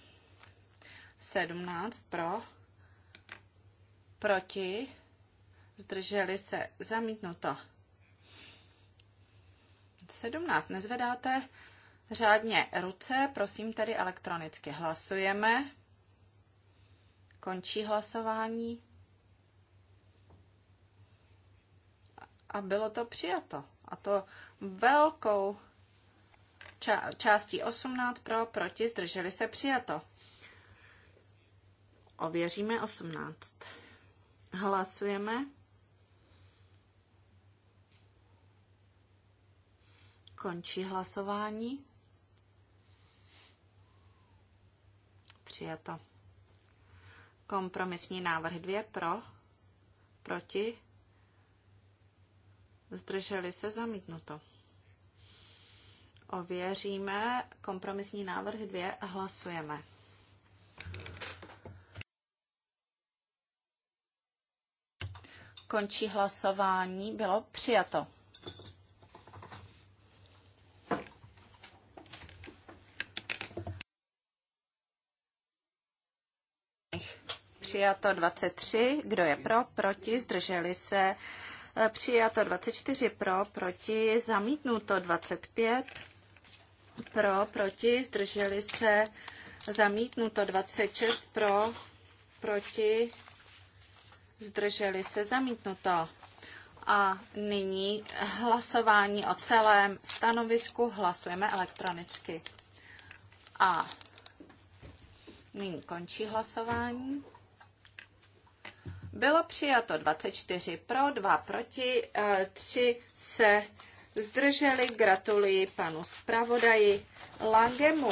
17 pro, proti, zdrželi se, zamítnuto. 17 nezvedáte řádně ruce, prosím tedy elektronicky hlasujeme. Končí hlasování. A bylo to přijato. A to velkou částí 18 pro, proti, zdrželi se přijato. Ověříme 18. Hlasujeme. Končí hlasování. Přijato. Kompromisní návrh 2 pro, proti, zdrželi se zamítnuto. Ověříme kompromisní návrh 2 a hlasujeme. Končí hlasování. Bylo přijato. Přijato 23. Kdo je pro? Proti? Zdrželi se. Přijato 24 pro, proti, zamítnuto 25 pro, proti, zdrželi se, zamítnuto 26 pro, proti, zdrželi se zamítnuto. A nyní hlasování o celém stanovisku hlasujeme elektronicky. A nyní končí hlasování. Bylo přijato 24 pro, 2 proti, 3 eh, se zdrželi. Gratuluji panu zpravodaji Langemu.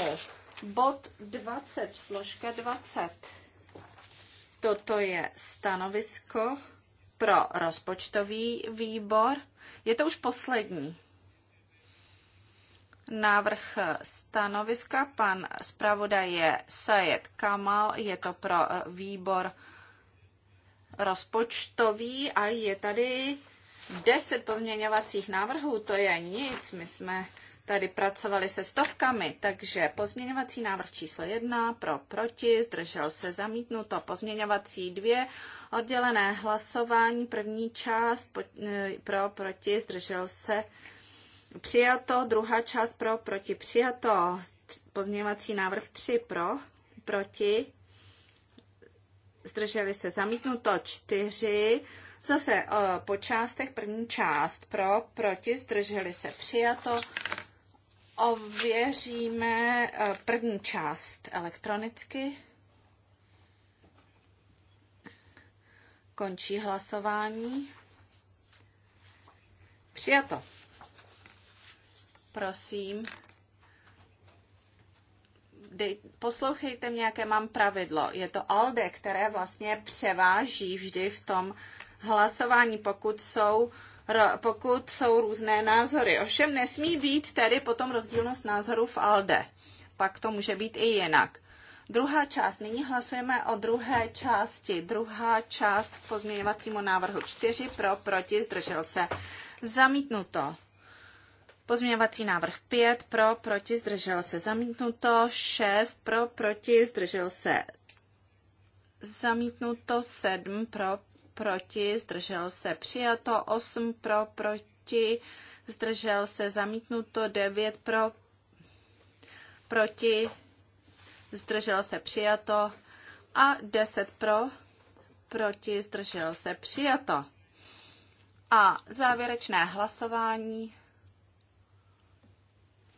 Bod 20, složka 20. Toto je stanovisko pro rozpočtový výbor. Je to už poslední návrh stanoviska. Pan zpravodaj je Sayed Kamal, je to pro výbor rozpočtový a je tady 10 pozměňovacích návrhů, to je nic, my jsme tady pracovali se stovkami, takže pozměňovací návrh číslo 1 pro proti, zdržel se zamítnuto, pozměňovací 2 oddělené hlasování, první část eh, pro proti, zdržel se přijato, druhá část pro proti přijato, pozměňovací návrh 3 pro proti, zdrželi se zamítnuto 4, Zase eh, po částech první část pro, proti, zdrželi se přijato, ověříme eh, první část elektronicky. Končí hlasování. Přijato. Prosím. Dej, poslouchejte mě, jaké mám pravidlo. Je to ALDE, které vlastně převáží vždy v tom hlasování, pokud jsou uh, pokud jsou různé názory. Ovšem nesmí být tedy potom rozdílnost názorů v ALDE. Pak to může být i jinak. Druhá část. Nyní hlasujeme o druhé části. Druhá část k pozměňovacímu návrhu 4 pro, proti, zdržel se. Zamítnuto. Pozměňovací návrh 5 pro, proti, zdržel se. Zamítnuto. 6 pro, proti, zdržel se. Zamítnuto. 7 pro, proti, zdržel se přijato, 8 pro, proti, zdržel se zamítnuto, 9 pro, proti, zdržel se přijato a 10 pro, proti, zdržel se přijato. A závěrečné hlasování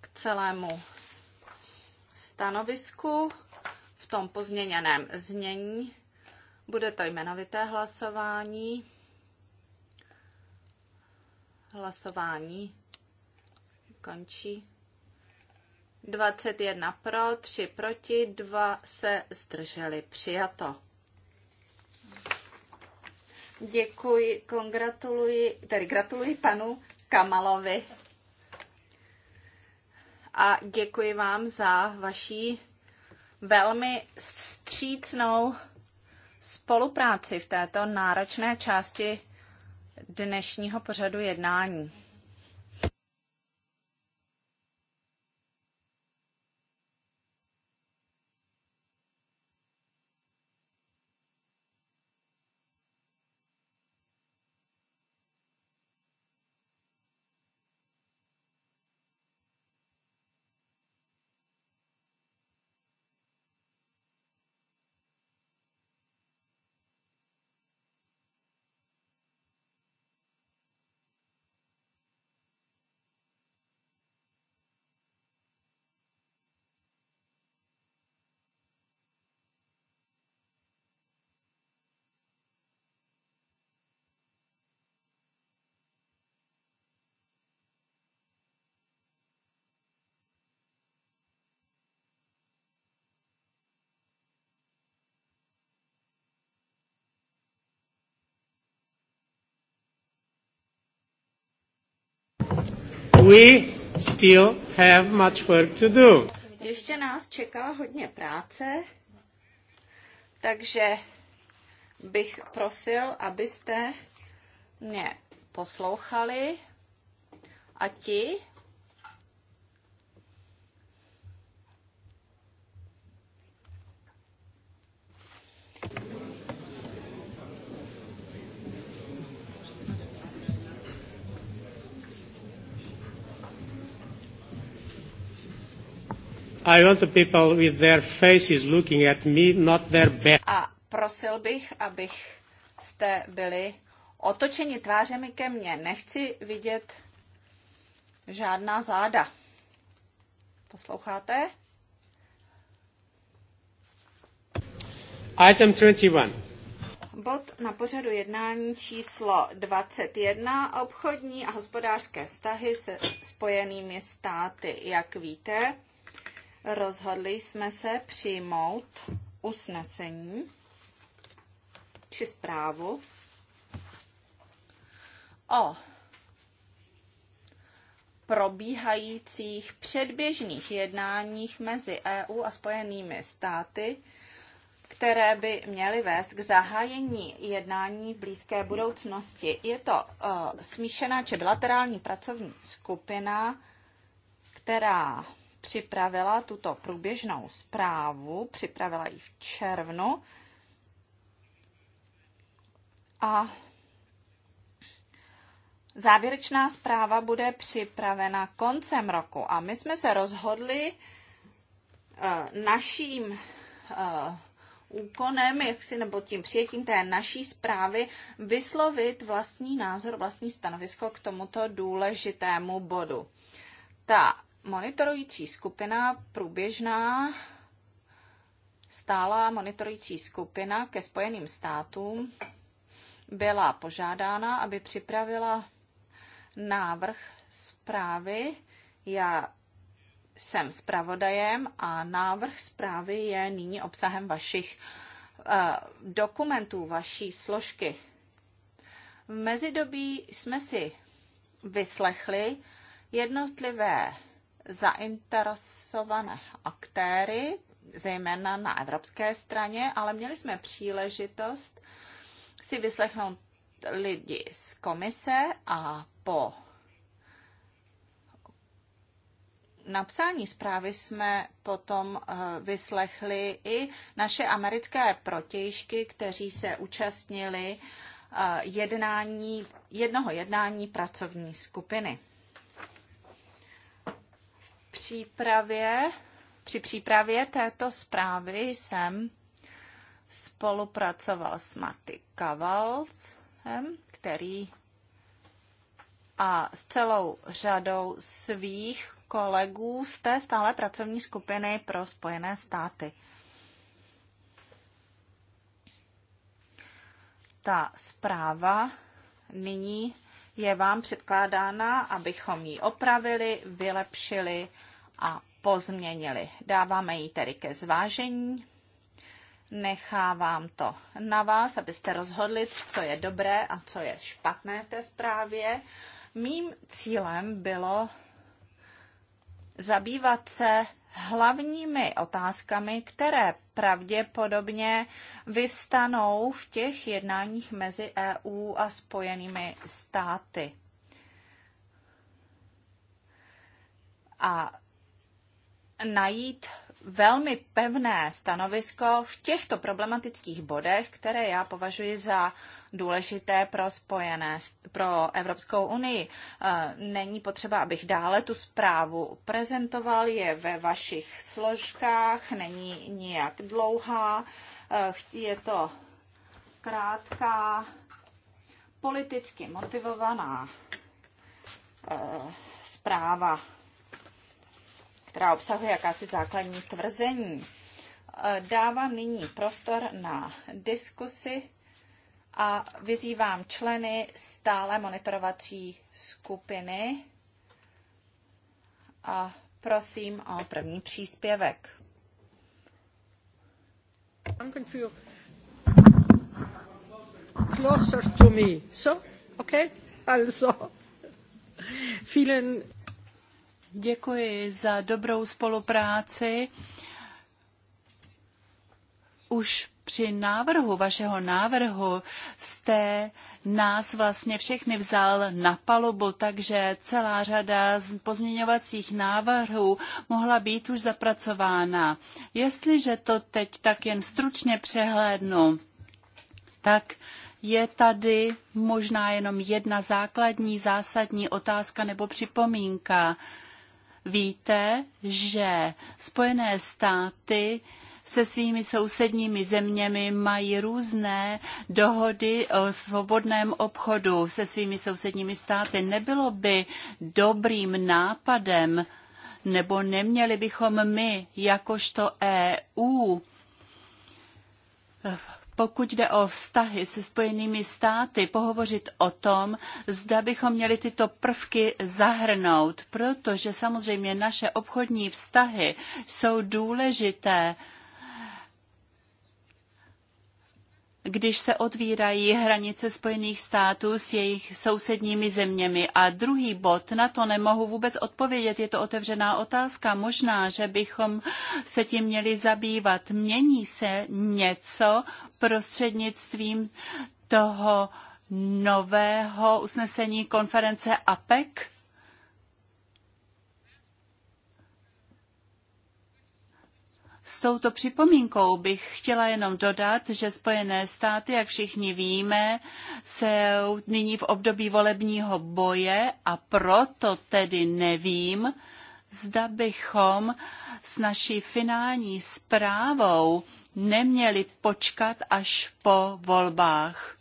k celému stanovisku v tom pozměněném znění. Bude to jmenovité hlasování. Hlasování končí. 21 pro, 3 proti, 2 se zdrželi. Přijato. Děkuji, kongratuluji, tedy gratuluji panu Kamalovi. A děkuji vám za vaší velmi vstřícnou spolupráci v této náročné části dnešního pořadu jednání. we still have much work to do. Ještě nás čeká hodně práce, takže bych prosil, abyste mě poslouchali a ti, I want the people with their faces looking at me, not their back. A prosil bych, abych jste byli otočeni tvářemi ke mně. Nechci vidět žádná záda. Posloucháte? Item 21. Bod na pořadu jednání číslo 21. Obchodní a hospodářské vztahy se spojenými státy. Jak víte, rozhodli jsme se přijmout usnesení či zprávu o probíhajících předběžných jednáních mezi EU a Spojenými státy, které by měly vést k zahájení jednání v blízké budoucnosti. Je to uh, smíšená či bilaterální pracovní skupina, která připravila tuto průběžnou zprávu, připravila ji v červnu a závěrečná zpráva bude připravena koncem roku. A my jsme se rozhodli eh, naším eh, úkonem, jak si nebo tím přijetím té naší zprávy vyslovit vlastní názor, vlastní stanovisko k tomuto důležitému bodu. Ta monitorující skupina průběžná stála monitorující skupina ke Spojeným státům byla požádána, aby připravila návrh zprávy. Já jsem zpravodajem a návrh zprávy je nyní obsahem vašich eh, dokumentů, vaší složky. V mezidobí jsme si vyslechli jednotlivé zainteresované aktéry, zejména na evropské straně, ale měli jsme příležitost si vyslechnout lidi z komise a po napsání zprávy jsme potom eh, vyslechli i naše americké protějšky, kteří se účastnili eh, jednání, jednoho jednání pracovní skupiny přípravě, při přípravě této zprávy jsem spolupracoval s Marty Kavalsem, který a s celou řadou svých kolegů z té stále pracovní skupiny pro Spojené státy. Ta zpráva nyní je vám předkládána, abychom ji opravili, vylepšili a pozměnili. Dáváme ji tedy ke zvážení. Nechávám to na vás, abyste rozhodli, co je dobré a co je špatné v té zprávě. Mým cílem bylo zabývat se hlavními otázkami, které pravděpodobně vyvstanou v těch jednáních mezi EU a Spojenými státy. A najít velmi pevné stanovisko v těchto problematických bodech, které já považuji za důležité pro spojené, pro Evropskou unii. E, není potřeba, abych dále tu zprávu prezentoval, je ve vašich složkách, není nijak dlouhá, e, je to krátká, politicky motivovaná e, zpráva, která obsahuje jakási základní tvrzení. Dávám nyní prostor na diskusi a vyzývám členy stále monitorovací skupiny a prosím o první příspěvek. Closer to me. So, okay. Also, vielen... Děkuji za dobrou spolupráci. Už při návrhu vašeho návrhu jste nás vlastně všechny vzal na palubu, takže celá řada z pozměňovacích návrhů mohla být už zapracována. Jestliže to teď tak jen stručně přehlédnu, tak je tady možná jenom jedna základní zásadní otázka nebo připomínka. Víte, že Spojené státy se svými sousedními zeměmi mají různé dohody o svobodném obchodu se svými sousedními státy. Nebylo by dobrým nápadem, nebo neměli bychom my, jakožto EU, pokud jde o vztahy se Spojenými státy, pohovořit o tom, zda bychom měli tyto prvky zahrnout, protože samozřejmě naše obchodní vztahy jsou důležité když se otvírají hranice Spojených států s jejich sousedními zeměmi. A druhý bod, na to nemohu vůbec odpovědět, je to otevřená otázka. Možná, že bychom se tím měli zabývat. Mění se něco prostřednictvím toho nového usnesení konference APEC? S touto připomínkou bych chtěla jenom dodat, že Spojené státy, jak všichni víme, se nyní v období volebního boje a proto tedy nevím, zda bychom s naší finální zprávou neměli počkat až po volbách.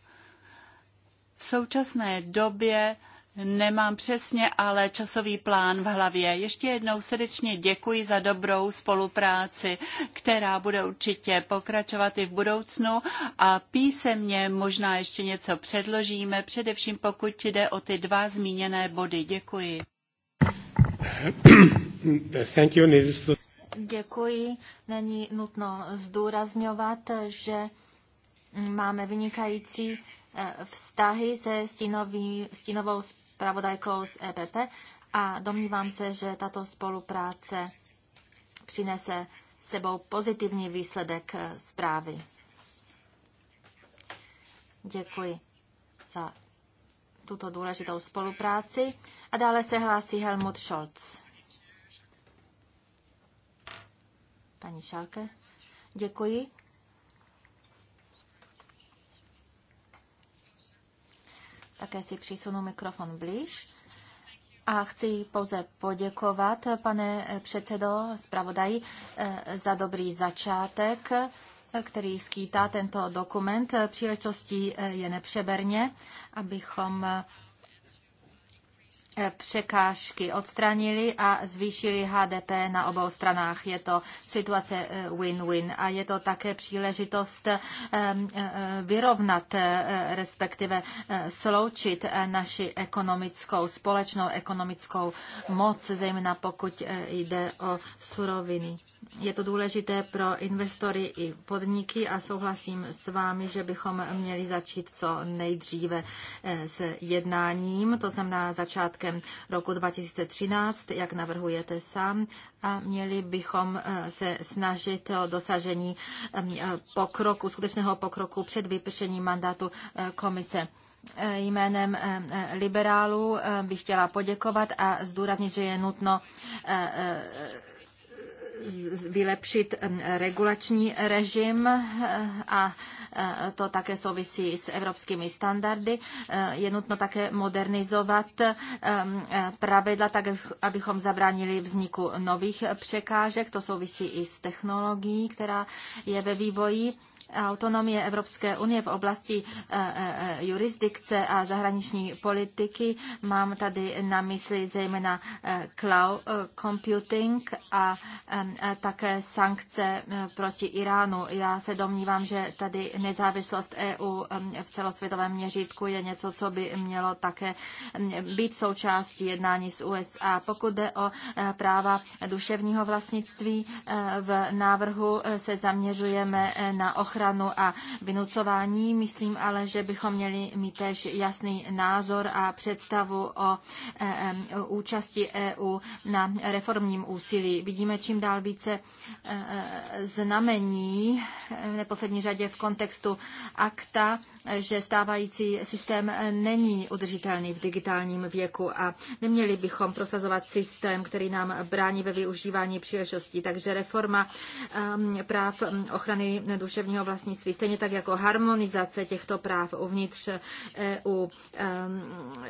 V současné době Nemám přesně, ale časový plán v hlavě. Ještě jednou srdečně děkuji za dobrou spolupráci, která bude určitě pokračovat i v budoucnu a písemně možná ještě něco předložíme, především pokud jde o ty dva zmíněné body. Děkuji. Thank you, Děkuji. Není nutno zdůrazňovat, že máme vynikající eh, vztahy se stínovou stínovou zpravodajkou z EPP a domnívám se, že tato spolupráce přinese sebou pozitivní výsledek eh, zprávy. Děkuji za tuto důležitou spolupráci. A dále se hlásí Helmut Scholz. Paní Šalke, děkuji. Také si přisunu mikrofon blíž. A chci pouze poděkovat, pane předsedo, zpravodaji, eh, za dobrý začátek, eh, který skýtá tento dokument. Příležitostí eh, je nepřeberně, abychom Eh, překážky odstranili a zvýšili HDP na obou stranách. Je to situace eh, win-win a je to také příležitost eh, vyrovnat, respektive sloučit naši ekonomickou, společnou ekonomickou moc, zejména pokud jde o suroviny. Je to důležité pro investory i podniky a souhlasím s vámi, že bychom měli začít co nejdříve eh, s jednáním, to znamená začátkem roku 2013, jak navrhujete sám, a měli bychom eh, se snažit o dosažení eh, pokroku, skutečného pokroku před vypršením mandátu komise jménem liberálů bych chtěla poděkovat a zdůraznit, že je nutno vylepšit regulační režim eh, a eh, to také souvisí s evropskými standardy. Eh, je nutno také modernizovat pravidla, tak abychom zabránili vzniku nových překážek. To souvisí i s technologií, která je ve vývoji autonomie Evropské unie v oblasti e, e, e, jurisdikce a zahraniční politiky. Mám tady na mysli zejména cloud computing a také sankce proti Iránu. Já se domnívám, že tady nezávislost EU v celosvětovém měřítku je něco, co by mělo také být součástí jednání s USA. Pokud jde o práva duševního vlastnictví, v návrhu se zaměřujeme na ochranu ochranu a vynucování. Myslím ale, že bychom měli mít tež jasný názor a představu o e, e, účasti EU na reformním úsilí. Vidíme čím dál více e, znamení, v neposlední řadě v kontextu akta že stávající systém není udržitelný v digitálním věku a neměli bychom prosazovat systém, který nám brání ve využívání příležitostí. Takže reforma ehm, práv ehm, ochrany duševního vlastnictví, stejně tak jako harmonizace těchto práv uvnitř EU ehm,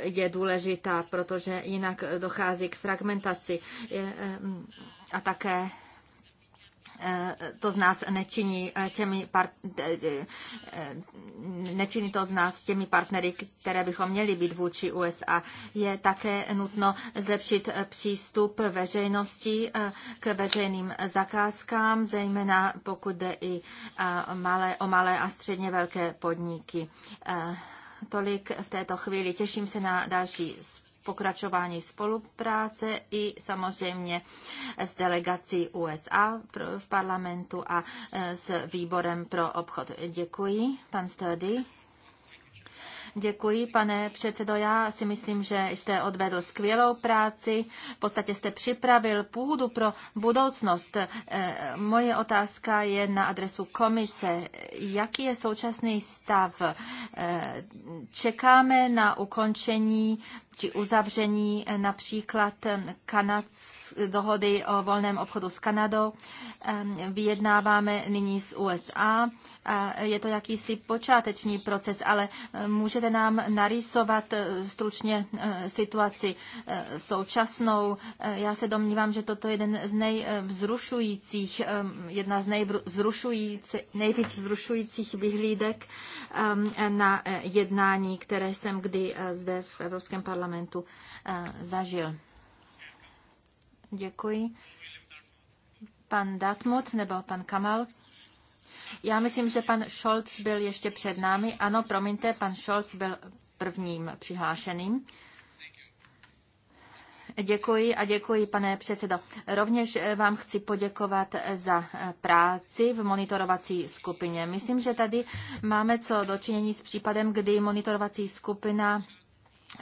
je důležitá, protože jinak dochází k fragmentaci a také Eh, to z nás nečiní eh, těmi part, eh, nečiní to z nás těmi partnery, které bychom měli být vůči USA. Je také nutno zlepšit přístup veřejnosti k veřejným zakázkám, zejména pokud jde i malé, o malé a středně velké podniky. Tolik v této chvíli. Těším se na další spolupráci pokračování spolupráce i samozřejmě s delegací USA v parlamentu a e, s výborem pro obchod. Děkuji, pan Sturdy. Děkuji, pane předsedo. Já si myslím, že jste odvedl skvělou práci. V podstatě jste připravil půdu pro budoucnost. E, moje otázka je na adresu komise. Jaký je současný stav? E, čekáme na ukončení či uzavření eh, například eh, Kanac, eh, dohody o volném obchodu s Kanadou. Vyjednáváme nyní s USA. Je to jakýsi počáteční proces, ale můžete nám narýsovat stručně situaci současnou. Já se domnívám, že toto je jeden z nejvzrušujících, jedna z nejvzrušující, nejvíc vzrušujících vyhlídek na jednání, které jsem kdy zde v Evropském parlamentu parlamentu eh, zažil. Děkuji. Pan Datmut nebo pan Kamal? Já myslím, že pan Scholz byl ještě před námi. Ano, promiňte, pan Scholz byl prvním přihlášeným. Děkuji a děkuji, pane předsedo. Rovněž eh, vám chci poděkovat eh, za práci v monitorovací skupině. Myslím, že tady máme co dočinění s případem, kdy monitorovací skupina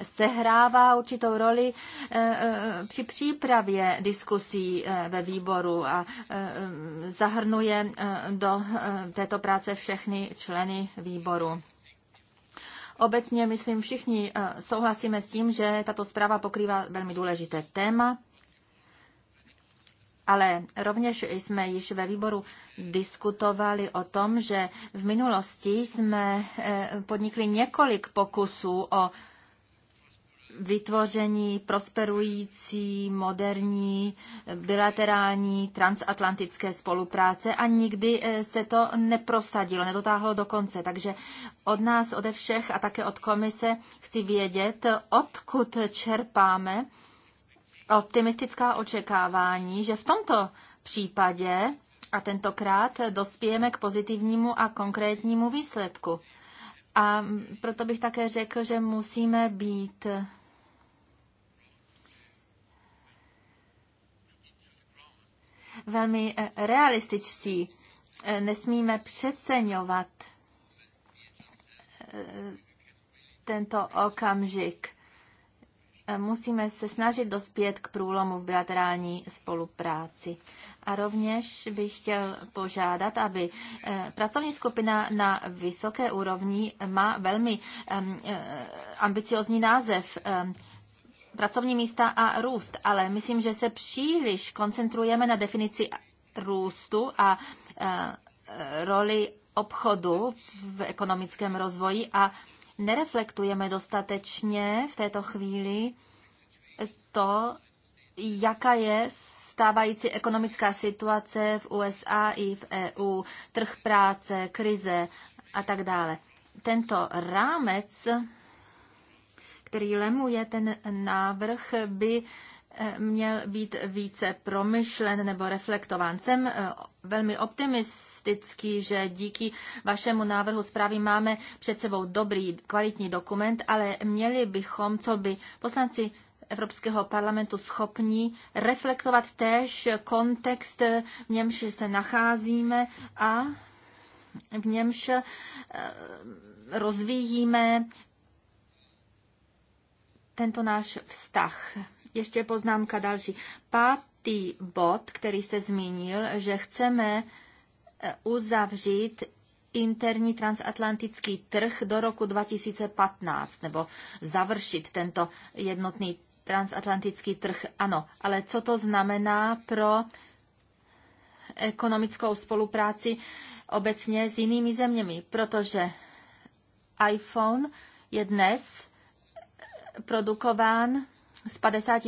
sehrává určitou roli eh, eh, při přípravě diskusí eh, ve výboru a zahrnuje do této práce všechny členy výboru. Obecně, myslím, všichni souhlasíme s tím, že tato zpráva pokrývá velmi důležité téma, ale rovněž jsme již ve výboru diskutovali o tom, že v minulosti jsme podnikli několik pokusů o vytvoření prosperující, moderní, bilaterální, transatlantické spolupráce a nikdy eh, se to neprosadilo, nedotáhlo do konce. Takže od nás, ode všech a také od komise chci vědět, odkud čerpáme optimistická očekávání, že v tomto případě a tentokrát dospějeme k pozitivnímu a konkrétnímu výsledku. A proto bych také řekl, že musíme být velmi eh, realističtí. Eh, nesmíme přeceňovat eh, tento okamžik. Musíme se snažit dospět k průlomu v bilaterální spolupráci. A rovněž bych chtěl požádat, aby pracovní skupina na vysoké úrovni má velmi ambiciozní název pracovní místa a růst, ale myslím, že se příliš koncentrujeme na definici růstu a e, roli obchodu v ekonomickém rozvoji a nereflektujeme dostatečně v této chvíli to, jaká je stávající ekonomická situace v USA i v EU, trh práce, krize a tak dále. Tento rámec který lemuje ten návrh, by eh, měl být více promyšlen nebo reflektován. Jsem eh, velmi optimistický, že díky vašemu návrhu zprávy máme před sebou dobrý, kvalitní dokument, ale měli bychom, co by poslanci Evropského parlamentu schopni reflektovat též kontext, v němž se nacházíme a v němž eh, rozvíjíme tento náš vztah. Ještě poznámka další. Pátý bod, který jste zmínil, že chceme eh, uzavřít interní transatlantický trh do roku 2015, nebo završit tento jednotný transatlantický trh. Ano, ale co to znamená pro ekonomickou spolupráci obecně s jinými zeměmi? Protože iPhone je dnes produkován z 50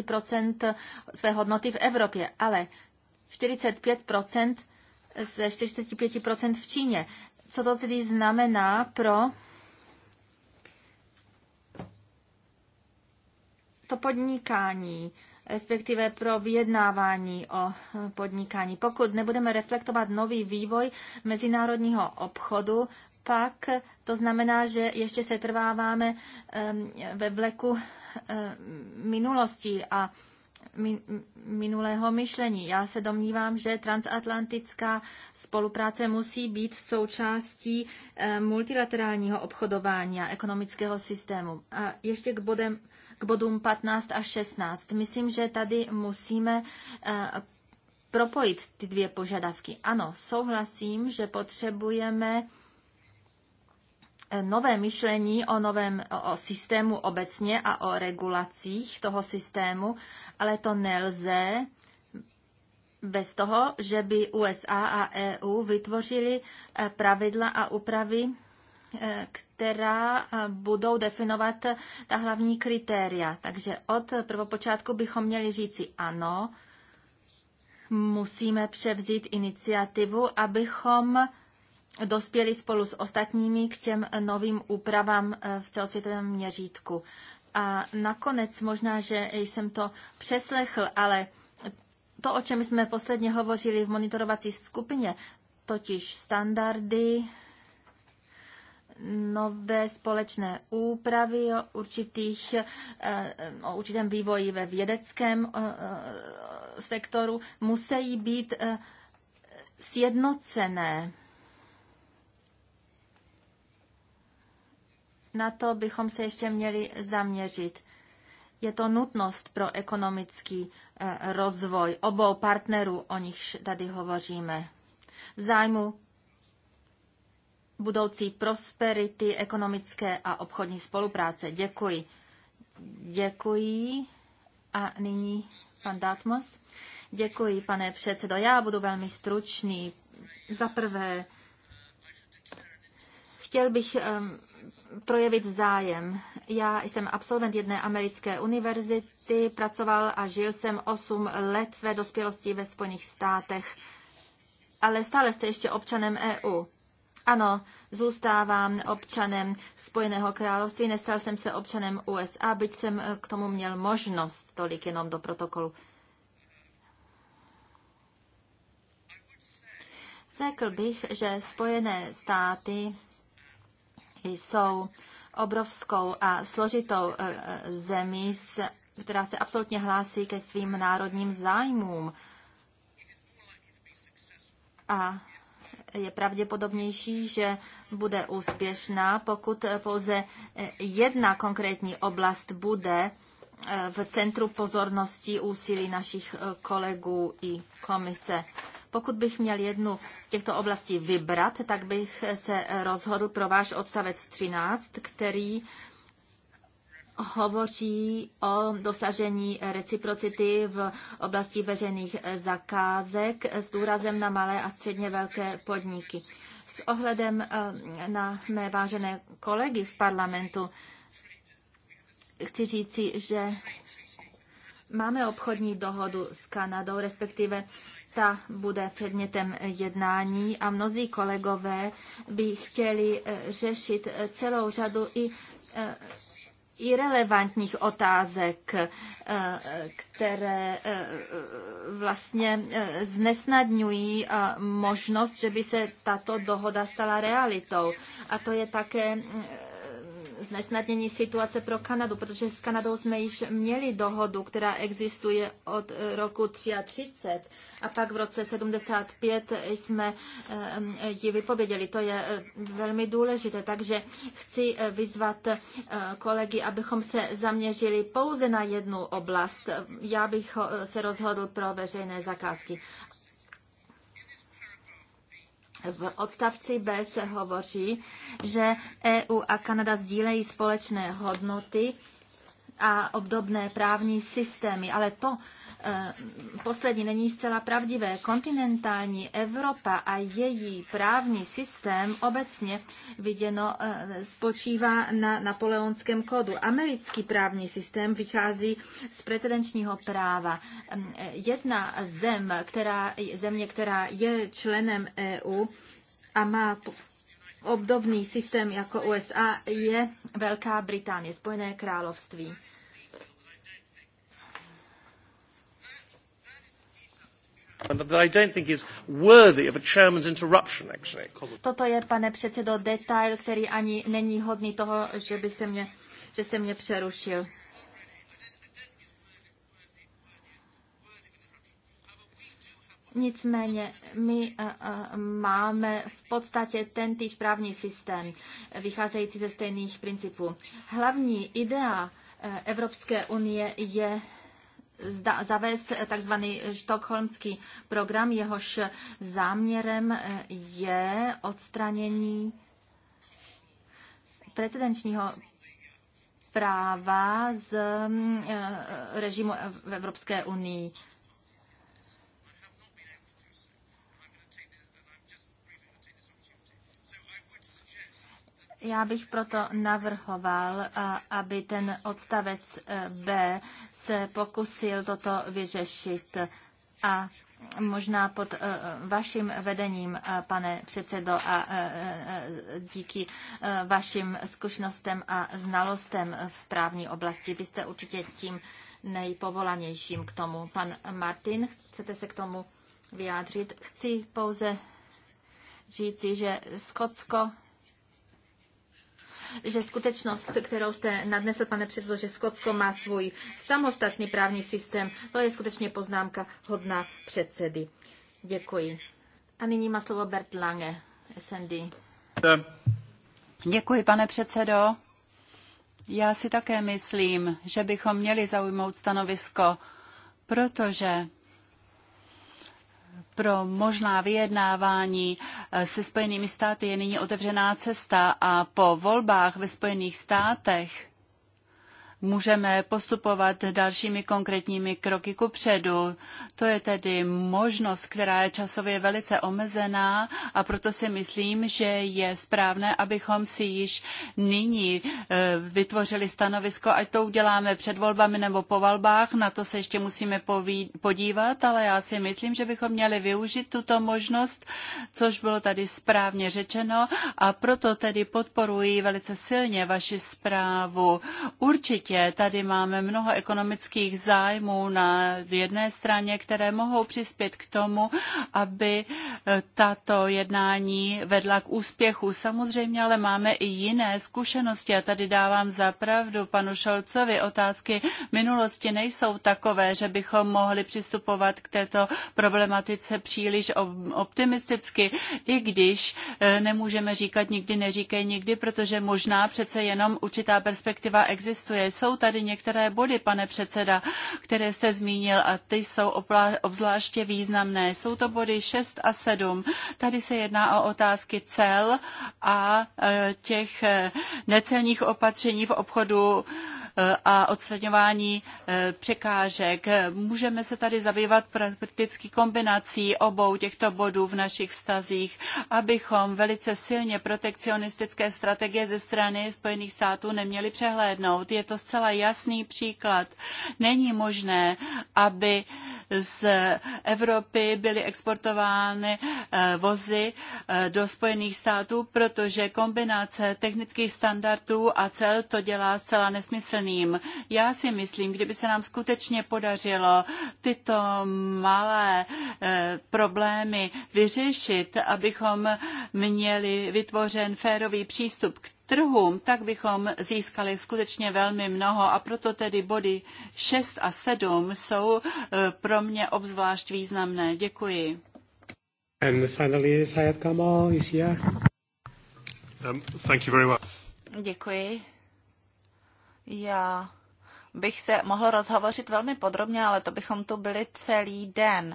své hodnoty v Evropě, ale 45 ze 45 v Číně. Co to tedy znamená pro to podnikání, respektive pro vyjednávání o podnikání. Pokud nebudeme reflektovat nový vývoj mezinárodního obchodu, pak to znamená, že ještě se trváváme ve vleku minulosti a minulého myšlení. Já se domnívám, že transatlantická spolupráce musí být součástí multilaterálního obchodování a ekonomického systému. A ještě k, bodem, k bodům 15 a 16. Myslím, že tady musíme propojit ty dvě požadavky. Ano, souhlasím, že potřebujeme nové myšlení o novém o systému obecně a o regulacích toho systému, ale to nelze bez toho, že by USA a EU vytvořili eh, pravidla a úpravy, eh, která eh, budou definovat ta hlavní kritéria. Takže od prvopočátku bychom měli říci ano, musíme převzít iniciativu, abychom dospěli spolu s ostatními k těm novým úpravám eh, v celosvětovém měřítku. A nakonec možná, že jsem to přeslechl, ale to, o čem jsme posledně hovořili v monitorovací skupině, totiž standardy, nové společné úpravy o, určitých, eh, o určitém vývoji ve vědeckém eh, sektoru, musí být sjednocené na to bychom se ještě měli zaměřit. Je to nutnost pro ekonomický eh, rozvoj obou partnerů, o nichž tady hovoříme. V zájmu budoucí prosperity, ekonomické a obchodní spolupráce. Děkuji. Děkuji. A nyní pan Dátmos, Děkuji, pane předsedo. Já budu velmi stručný. Za prvé, chtěl bych um, projevit zájem. Já jsem absolvent jedné americké univerzity, pracoval a žil jsem 8 let své dospělosti ve Spojených státech. Ale stále jste ještě občanem EU. Ano, zůstávám občanem Spojeného království, nestal jsem se občanem USA, byť jsem eh, k tomu měl možnost, tolik jenom do protokolu. Řekl bych, že Spojené státy jsou obrovskou a složitou e, e, zemí, která se absolutně hlásí ke svým národním zájmům. A je pravděpodobnější, že bude úspěšná, pokud pouze e, jedna konkrétní oblast bude v centru pozornosti úsilí našich kolegů i komise. Pokud bych měl jednu z těchto oblastí vybrat, tak bych se rozhodl pro váš odstavec 13, který hovoří o dosažení reciprocity v oblasti veřejných zakázek s důrazem na malé a středně velké podniky. S ohledem eh, na mé vážené kolegy v parlamentu chci říci, že máme obchodní dohodu s Kanadou, respektive ta bude předmětem jednání a mnozí kolegové by chtěli eh, řešit eh, celou řadu i eh, relevantních otázek, které vlastně znesnadňují možnost, že by se tato dohoda stala realitou. A to je také znesnadnění situace pro Kanadu, protože s Kanadou jsme již měli dohodu, která existuje od eh, roku 33 a pak v roce 75 jsme eh, ji vypověděli. To je eh, velmi důležité, takže chci vyzvat kolegy, abychom se zaměřili pouze na jednu oblast. Já bych se rozhodl pro veřejné zakázky. V odstavci B se hovoří, že EU a Kanada sdílejí společné hodnoty a obdobné právní systémy, ale to, Eh, poslední není zcela pravdivé. Kontinentální Evropa a její právní systém obecně viděno eh, spočívá na napoleonském kodu. Americký právní systém vychází z precedenčního práva. Eh, jedna zem, která, země, která je členem EU a má obdobný systém jako USA, je Velká Británie, Spojené království. Toto je, pane předsedo, detail, který ani není hodný toho, že byste mě, že jste mě přerušil. Nicméně my eh, eh, máme v podstatě ten týž právní systém, vycházející ze stejných principů. Hlavní idea eh, Evropské unie je zavést takzvaný štokholmský program, jehož záměrem je odstranění precedenčního práva z eh, režimu v Evropské unii. Já bych proto navrhoval, eh, aby ten odstavec eh, B se pokusil toto vyřešit a možná pod eh, vaším vedením, eh, pane předsedo, a eh, díky vašim zkušenostem a znalostem v právní oblasti. Vy jste určitě tím nejpovolanějším k tomu. Pan Martin, chcete se k tomu vyjádřit? Chci pouze říci, že Skotsko že skutečnost, kterou jste nadnesl, pane předsedo, že Skotsko má svůj samostatný právní systém, to je skutečně poznámka hodná předsedy. Děkuji. A nyní má slovo Bert Lange, SND. Děkuji, pane předsedo. Já si také myslím, že bychom měli zaujmout stanovisko, protože pro možná vyjednávání eh, se Spojenými státy je nyní otevřená cesta a po volbách ve Spojených státech můžeme postupovat dalšími konkrétními kroky ku předu. To je tedy možnost, která je časově velice omezená a proto si myslím, že je správné, abychom si již nyní eh, vytvořili stanovisko, ať to uděláme před volbami nebo po volbách, na to se ještě musíme podívat, ale já si myslím, že bychom měli využít tuto možnost, což bylo tady správně řečeno a proto tedy podporuji velice silně vaši zprávu. Určitě světě. Tady máme mnoho ekonomických zájmů na jedné straně, které mohou přispět k tomu, aby eh, tato jednání vedla k úspěchu. Samozřejmě ale máme i jiné zkušenosti a tady dávám za pravdu panu Šolcovi. Otázky minulosti nejsou takové, že bychom mohli přistupovat k této problematice příliš optimisticky, i když eh, nemůžeme říkat nikdy neříkej nikdy, protože možná přece jenom určitá perspektiva existuje jsou tady některé body, pane předseda, které jste zmínil a ty jsou obzvláště významné. Jsou to body 6 a 7. Tady se jedná o otázky cel a e, těch e, necelních opatření v obchodu Eh, a odstraňování eh, překážek. Můžeme se tady zabývat prakticky kombinací obou těchto bodů v našich vztazích, abychom velice silně protekcionistické strategie ze strany Spojených států neměli přehlédnout. Je to zcela jasný příklad. Není možné, aby z Evropy byly exportovány eh, vozy eh, do Spojených států, protože kombinace technických standardů a cel to dělá zcela nesmyslným. Já si myslím, kdyby se nám skutečně podařilo tyto malé eh, problémy vyřešit, abychom měli vytvořen férový přístup k trhům, tak bychom získali skutečně velmi mnoho a proto tedy body 6 a 7 jsou eh, pro mě obzvlášť významné. Děkuji. And finally, Syed Kamal is here. Um, thank you very much. Děkuji. Já bych se mohl rozhovořit velmi podrobně, ale to bychom tu byli celý den. Uh,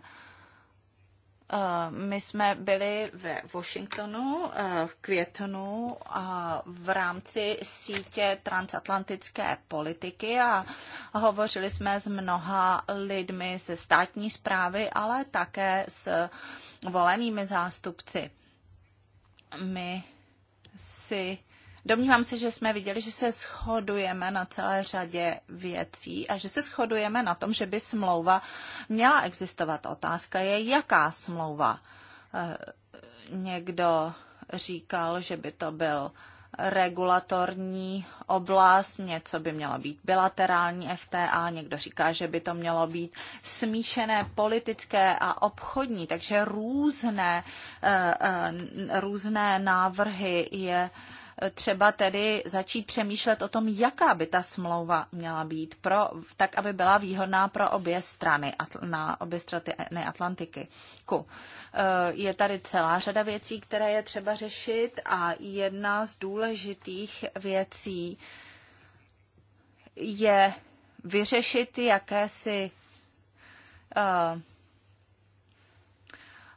Eh, my jsme byli ve Washingtonu eh, v květnu v rámci sítě transatlantické politiky a hovořili jsme s mnoha lidmi ze státní zprávy, ale také s volenými zástupci. My si Domnívám se, že jsme viděli, že se shodujeme na celé řadě věcí a že se shodujeme na tom, že by smlouva měla existovat. Otázka je, jaká smlouva. Eh, někdo říkal, že by to byl regulatorní oblast, něco by mělo být bilaterální FTA, někdo říká, že by to mělo být smíšené politické a obchodní, takže různé, eh, eh, různé návrhy je třeba tedy začít přemýšlet o tom, jaká by ta smlouva měla být, pro, tak aby byla výhodná pro obě strany na obě strany Atlantiky. Ku. E, je tady celá řada věcí, které je třeba řešit a jedna z důležitých věcí je vyřešit jakési uh,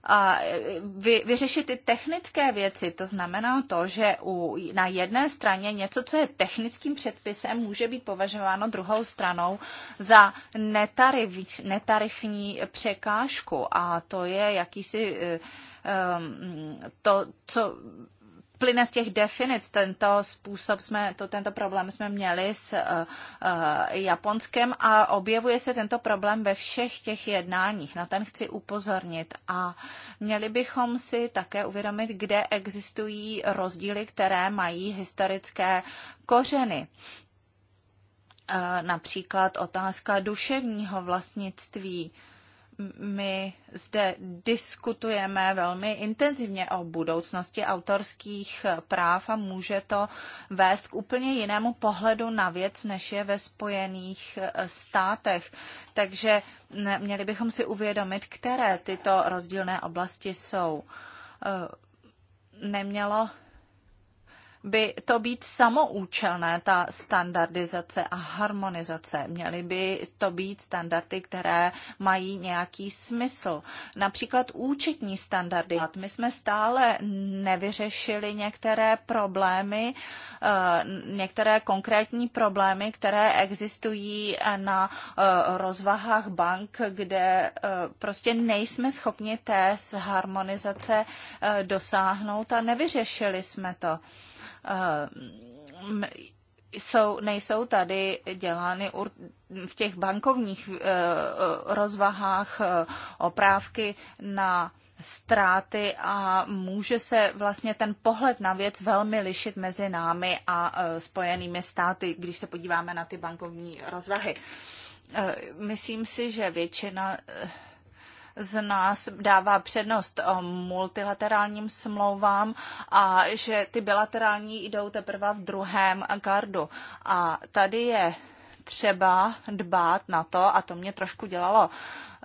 a e, vy, vyřešit ty technické věci. To znamená to, že u, na jedné straně něco, co je technickým předpisem, může být považováno druhou stranou za netarif, netarifní překážku. A to je jakýsi e, e, to, co plyne z těch definic. Tento způsob jsme, to, tento problém jsme měli s uh, uh, Japonskem a objevuje se tento problém ve všech těch jednáních. Na ten chci upozornit a měli bychom si také uvědomit, kde existují rozdíly, které mají historické kořeny eh, například otázka duševního vlastnictví my zde diskutujeme velmi intenzivně o budoucnosti autorských práv a může to vést k úplně jinému pohledu na věc, než je ve Spojených eh, státech. Takže měli bychom si uvědomit, které tyto rozdílné oblasti jsou. Eh, nemělo by to být samoučelné, ta standardizace a harmonizace. Měly by to být standardy, které mají nějaký smysl. Například účetní standardy. My jsme stále nevyřešili některé problémy, eh, některé konkrétní problémy, které existují na eh, rozvahách bank, kde eh, prostě nejsme schopni té harmonizace dosáhnout a nevyřešili jsme to. Ehm, jsou, nejsou tady dělány v těch bankovních eh, eh, rozvahách eh, oprávky na ztráty a může se vlastně ten pohled na věc velmi lišit mezi námi a spojenými státy, když se podíváme na ty bankovní rozvahy. Myslím si, že většina z nás dává přednost multilaterálním smlouvám a že ty bilaterální jdou teprve v druhém gardu. A tady je třeba dbát na to, a to mě trošku dělalo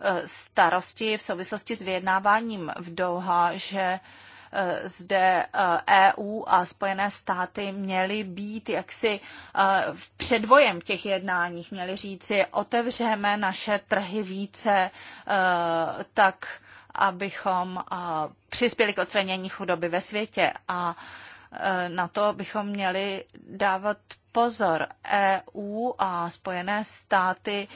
eh, starosti v souvislosti s vyjednáváním v Doha, že uh, Eh, zde EU eh, e a Spojené státy měly být jaksi eh, v předvojem těch jednáních, měly říci, otevřeme naše trhy více, tak abychom přispěli k odstranění chudoby ve světě a na to bychom měli dávat pozor. EU a Spojené státy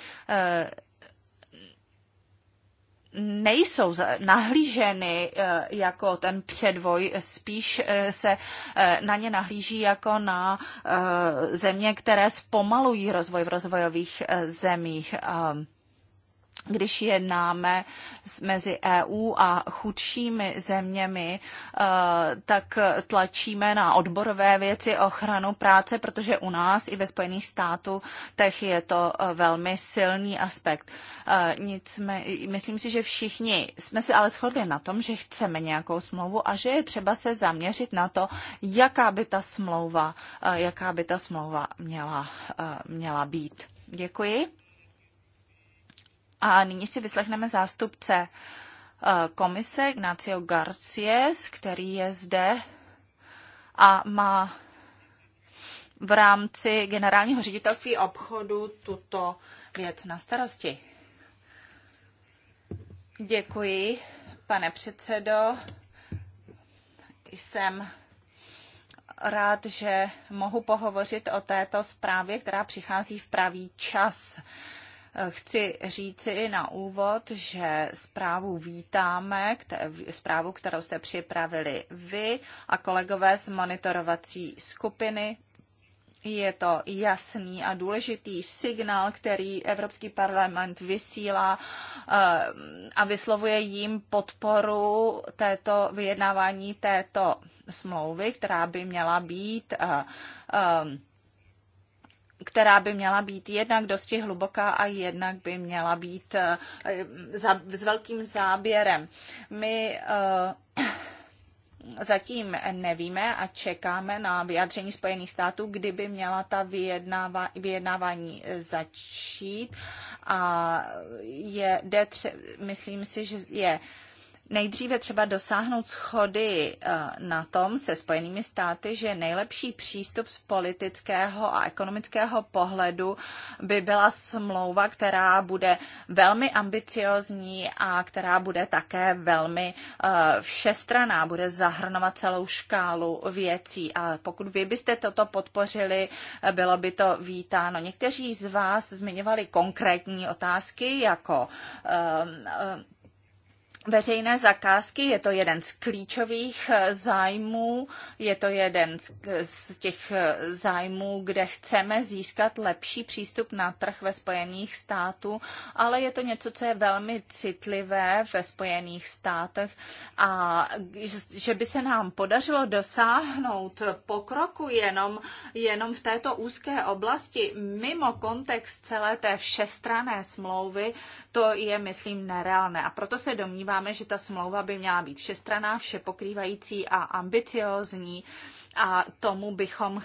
nejsou nahlíženy eh, jako ten předvoj, spíš eh, se eh, na ně nahlíží jako na země, které zpomalují rozvoj v rozvojových zemích když jednáme mezi EU a chudšími zeměmi, eh, tak tlačíme na odborové věci ochranu práce, protože u nás i ve Spojených států tech je to eh, velmi silný aspekt. Eh, Nicmé, myslím si, že všichni jsme se ale shodli na tom, že chceme nějakou smlouvu a že je třeba se zaměřit na to, jaká by ta smlouva, jaká by ta smlouva měla, měla být. Děkuji. A nyní si vyslechneme zástupce eh, komise Ignacio Garcies, který je zde a má v rámci generálního ředitelství obchodu tuto věc na starosti. Děkuji, pane předsedo. Jsem rád, že mohu pohovořit o této zprávě, která přichází v pravý čas. Chci říci na úvod, že zprávu vítáme, zprávu, kterou jste připravili vy a kolegové z monitorovací skupiny je to jasný a důležitý signál, který Evropský parlament vysílá eh, a vyslovuje jim podporu této vyjednávání této smlouvy, která by měla být eh, eh, která by měla být jednak dosti hluboká a jednak by měla být eh, s velkým záběrem. My eh, zatím nevíme a čekáme na vyjádření Spojených států, kdyby měla ta vyjednáva, vyjednávání začít. A je, jde tře, myslím si, že je nejdříve třeba dosáhnout schody eh, na tom se Spojenými státy, že nejlepší přístup z politického a ekonomického pohledu by byla smlouva, která bude velmi ambiciozní a která bude také velmi eh, všestraná, bude zahrnovat celou škálu věcí. A pokud vy byste toto podpořili, eh, bylo by to vítáno. Někteří z vás zmiňovali konkrétní otázky, jako veřejné zakázky, je to jeden z klíčových eh, zájmů, je to jeden z těch eh, zájmů, kde chceme získat lepší přístup na trh ve Spojených států, ale je to něco, co je velmi citlivé ve Spojených státech a že by se nám podařilo dosáhnout pokroku jenom, jenom v této úzké oblasti mimo kontext celé té všestrané smlouvy, to je, myslím, nereálné. A proto se domnívám, domníváme, že ta smlouva by měla být všestraná, všepokrývající a ambiciozní a tomu bychom,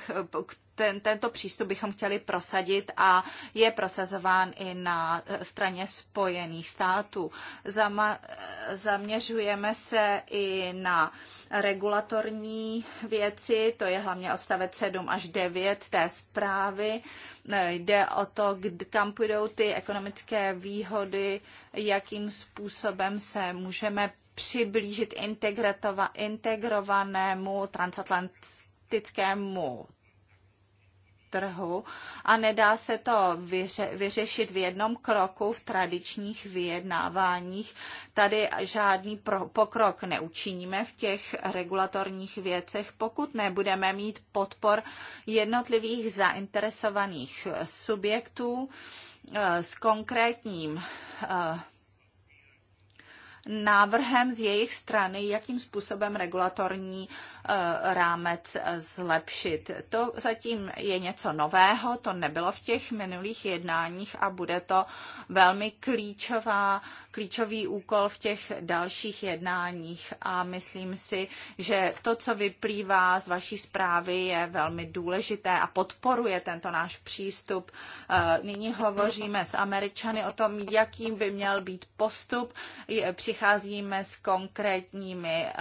k ten, tento přístup bychom chtěli prosadit a je prosazován i na eh, straně Spojených států. Zama, eh, zaměřujeme se i na regulatorní věci, to je hlavně odstavec 7 až 9 té zprávy. Eh, jde o to, kam půjdou ty ekonomické výhody, jakým způsobem se můžeme přiblížit integrovanému transatlantickému trhu a nedá se to vyře- vyřešit v jednom kroku v tradičních vyjednáváních. Tady žádný pro- pokrok neučiníme v těch regulatorních věcech, pokud nebudeme mít podpor jednotlivých zainteresovaných subjektů eh, s konkrétním eh, návrhem z jejich strany, jakým způsobem regulatorní Eh, rámec zlepšit. To zatím je něco nového, to nebylo v těch minulých jednáních a bude to velmi klíčová, klíčový úkol v těch dalších jednáních a myslím si, že to, co vyplývá z vaší zprávy, je velmi důležité a podporuje tento náš přístup. Eh, nyní hovoříme s Američany o tom, jakým by měl být postup. Přicházíme s konkrétními eh,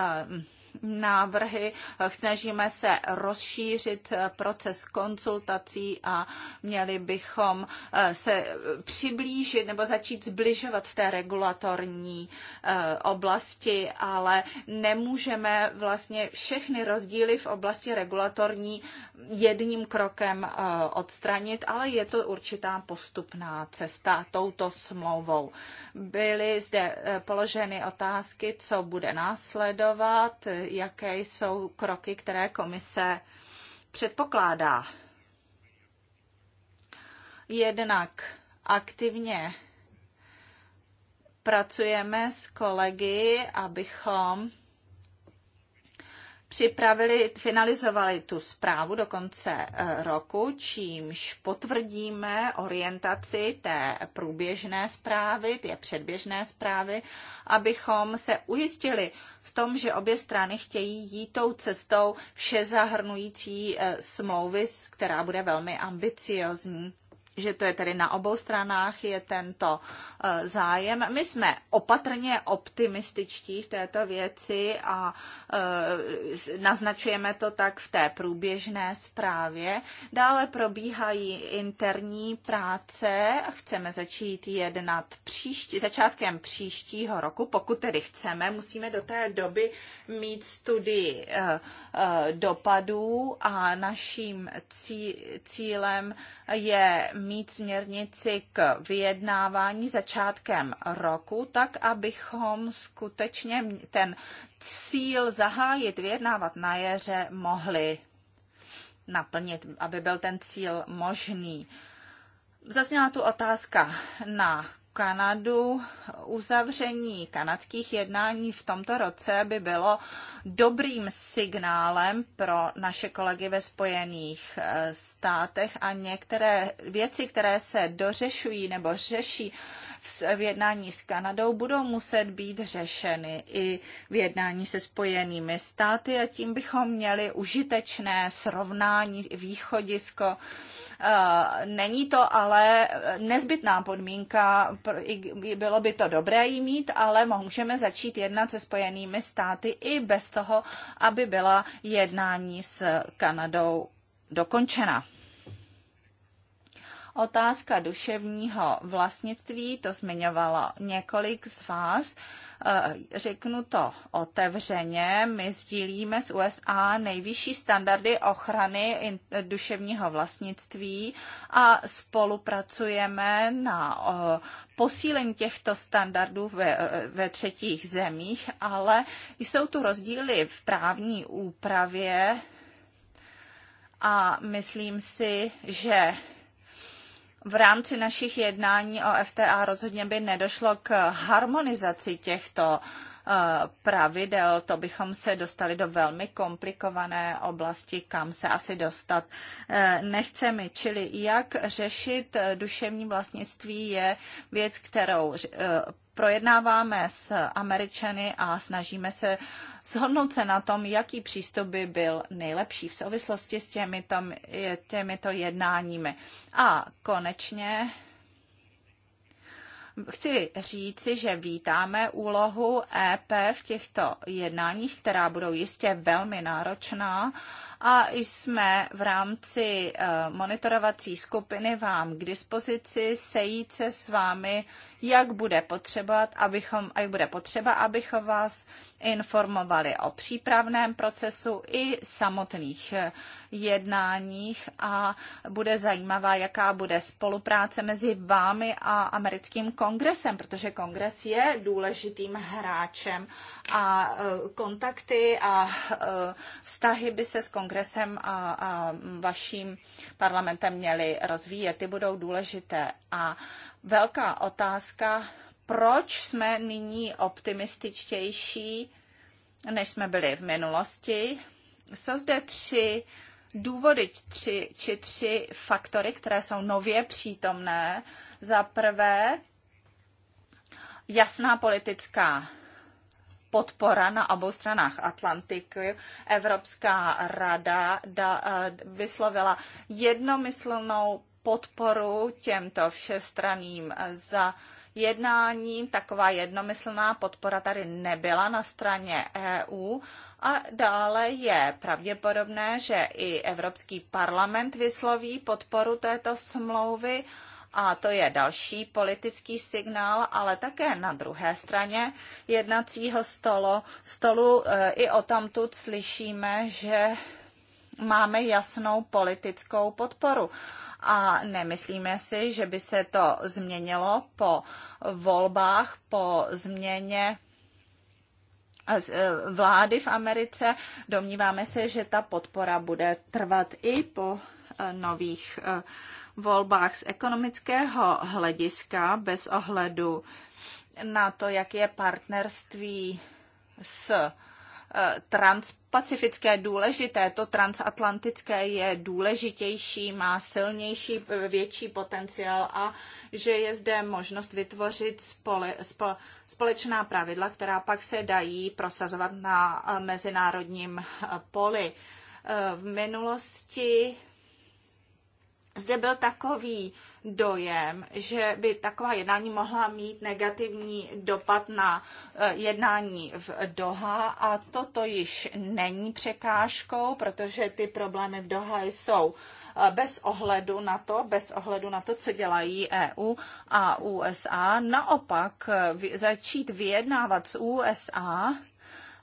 návrhy. Snažíme se rozšířit proces konzultací a měli bychom eh, se přiblížit nebo začít zbližovat v té regulatorní eh, oblasti, ale nemůžeme vlastně všechny rozdíly v oblasti regulatorní jedním krokem eh, odstranit, ale je to určitá postupná cesta touto smlouvou. Byly zde položeny otázky, co bude následovat, jaké jsou kroky, které komise předpokládá. Jednak aktivně pracujeme s kolegy, abychom připravili, finalizovali tu zprávu do konce eh, roku, čímž potvrdíme orientaci té průběžné zprávy, té předběžné zprávy, abychom se ujistili v tom, že obě strany chtějí jít tou cestou vše zahrnující eh, smlouvy, která bude velmi ambiciozní že to je tedy na obou stranách, je tento e, zájem. My jsme opatrně optimističtí v této věci a e, naznačujeme to tak v té průběžné zprávě. Dále probíhají interní práce a chceme začít jednat příští, začátkem příštího roku. Pokud tedy chceme, musíme do té doby mít studii e, dopadů a naším cílem je mít směrnici k vyjednávání začátkem roku, tak abychom skutečně ten cíl zahájit, vyjednávat na jeře mohli naplnit, aby byl ten cíl možný. Zazněla tu otázka na Kanadu. Uzavření kanadských jednání v tomto roce by bylo dobrým signálem pro naše kolegy ve Spojených eh, státech a některé věci, které se dořešují nebo řeší v jednání s Kanadou, budou muset být řešeny i v jednání se Spojenými státy a tím bychom měli užitečné srovnání východisko Eh, není to ale nezbytná podmínka, bylo by to dobré jí mít, ale můžeme začít jednat se Spojenými státy i bez toho, aby byla jednání s Kanadou dokončena. Otázka duševního vlastnictví, to zmiňovalo několik z vás. Eh, řeknu to otevřeně, my sdílíme s USA nejvyšší standardy ochrany duševního vlastnictví a spolupracujeme na eh, posílení těchto standardů ve, eh, ve třetích zemích, ale jsou tu rozdíly v právní úpravě a myslím si, že v rámci našich jednání o FTA rozhodně by nedošlo k harmonizaci těchto eh, pravidel, to bychom se dostali do velmi komplikované oblasti, kam se asi dostat eh, nechceme. Čili jak řešit eh, duševní vlastnictví je věc, kterou projednáváme s Američany a snažíme se shodnout se na tom, jaký přístup by byl nejlepší v souvislosti s těmito, těmito jednáními. A konečně Chci říci, že vítáme úlohu EP v těchto jednáních, která budou jistě velmi náročná a jsme v rámci eh, monitorovací skupiny vám k dispozici sejít se s vámi, jak bude, potřebat, abychom, jak bude potřeba, abychom vás informovali o přípravném procesu i samotných eh, jednáních a bude zajímavá, jaká bude spolupráce mezi vámi a americkým kongresem, protože kongres je důležitým hráčem a eh, kontakty a eh, vztahy by se s kongresem a, a vaším parlamentem měly rozvíjet. Ty budou důležité. A velká otázka proč jsme nyní optimističtější, než jsme byli v minulosti. Jsou zde tři důvody tři, či tři faktory, které jsou nově přítomné. Za prvé, jasná politická podpora na obou stranách Atlantiky. Evropská rada da, eh, vyslovila jednomyslnou podporu těmto všestraným za jednáním. Taková jednomyslná podpora tady nebyla na straně EU. A dále je pravděpodobné, že i Evropský parlament vysloví podporu této smlouvy. A to je další politický signál, ale také na druhé straně jednacího stolu, stolu e, i o tamtud slyšíme, že máme jasnou politickou podporu. A nemyslíme si, že by se to změnilo po volbách, po změně eh, eh, vlády v Americe. Domníváme se, že ta podpora bude trvat i po eh, nových volbách z ekonomického hlediska bez ohledu na to, jak je partnerství s transpacifické důležité, to transatlantické je důležitější, má silnější, větší potenciál a že je zde možnost vytvořit spole, spo, společná pravidla, která pak se dají prosazovat na mezinárodním poli. V minulosti zde byl takový dojem, že by taková jednání mohla mít negativní dopad na e, jednání v Doha a toto již není překážkou, protože ty problémy v Doha jsou e, bez ohledu na to, bez ohledu na to, co dělají EU a USA. Naopak e, začít vyjednávat s USA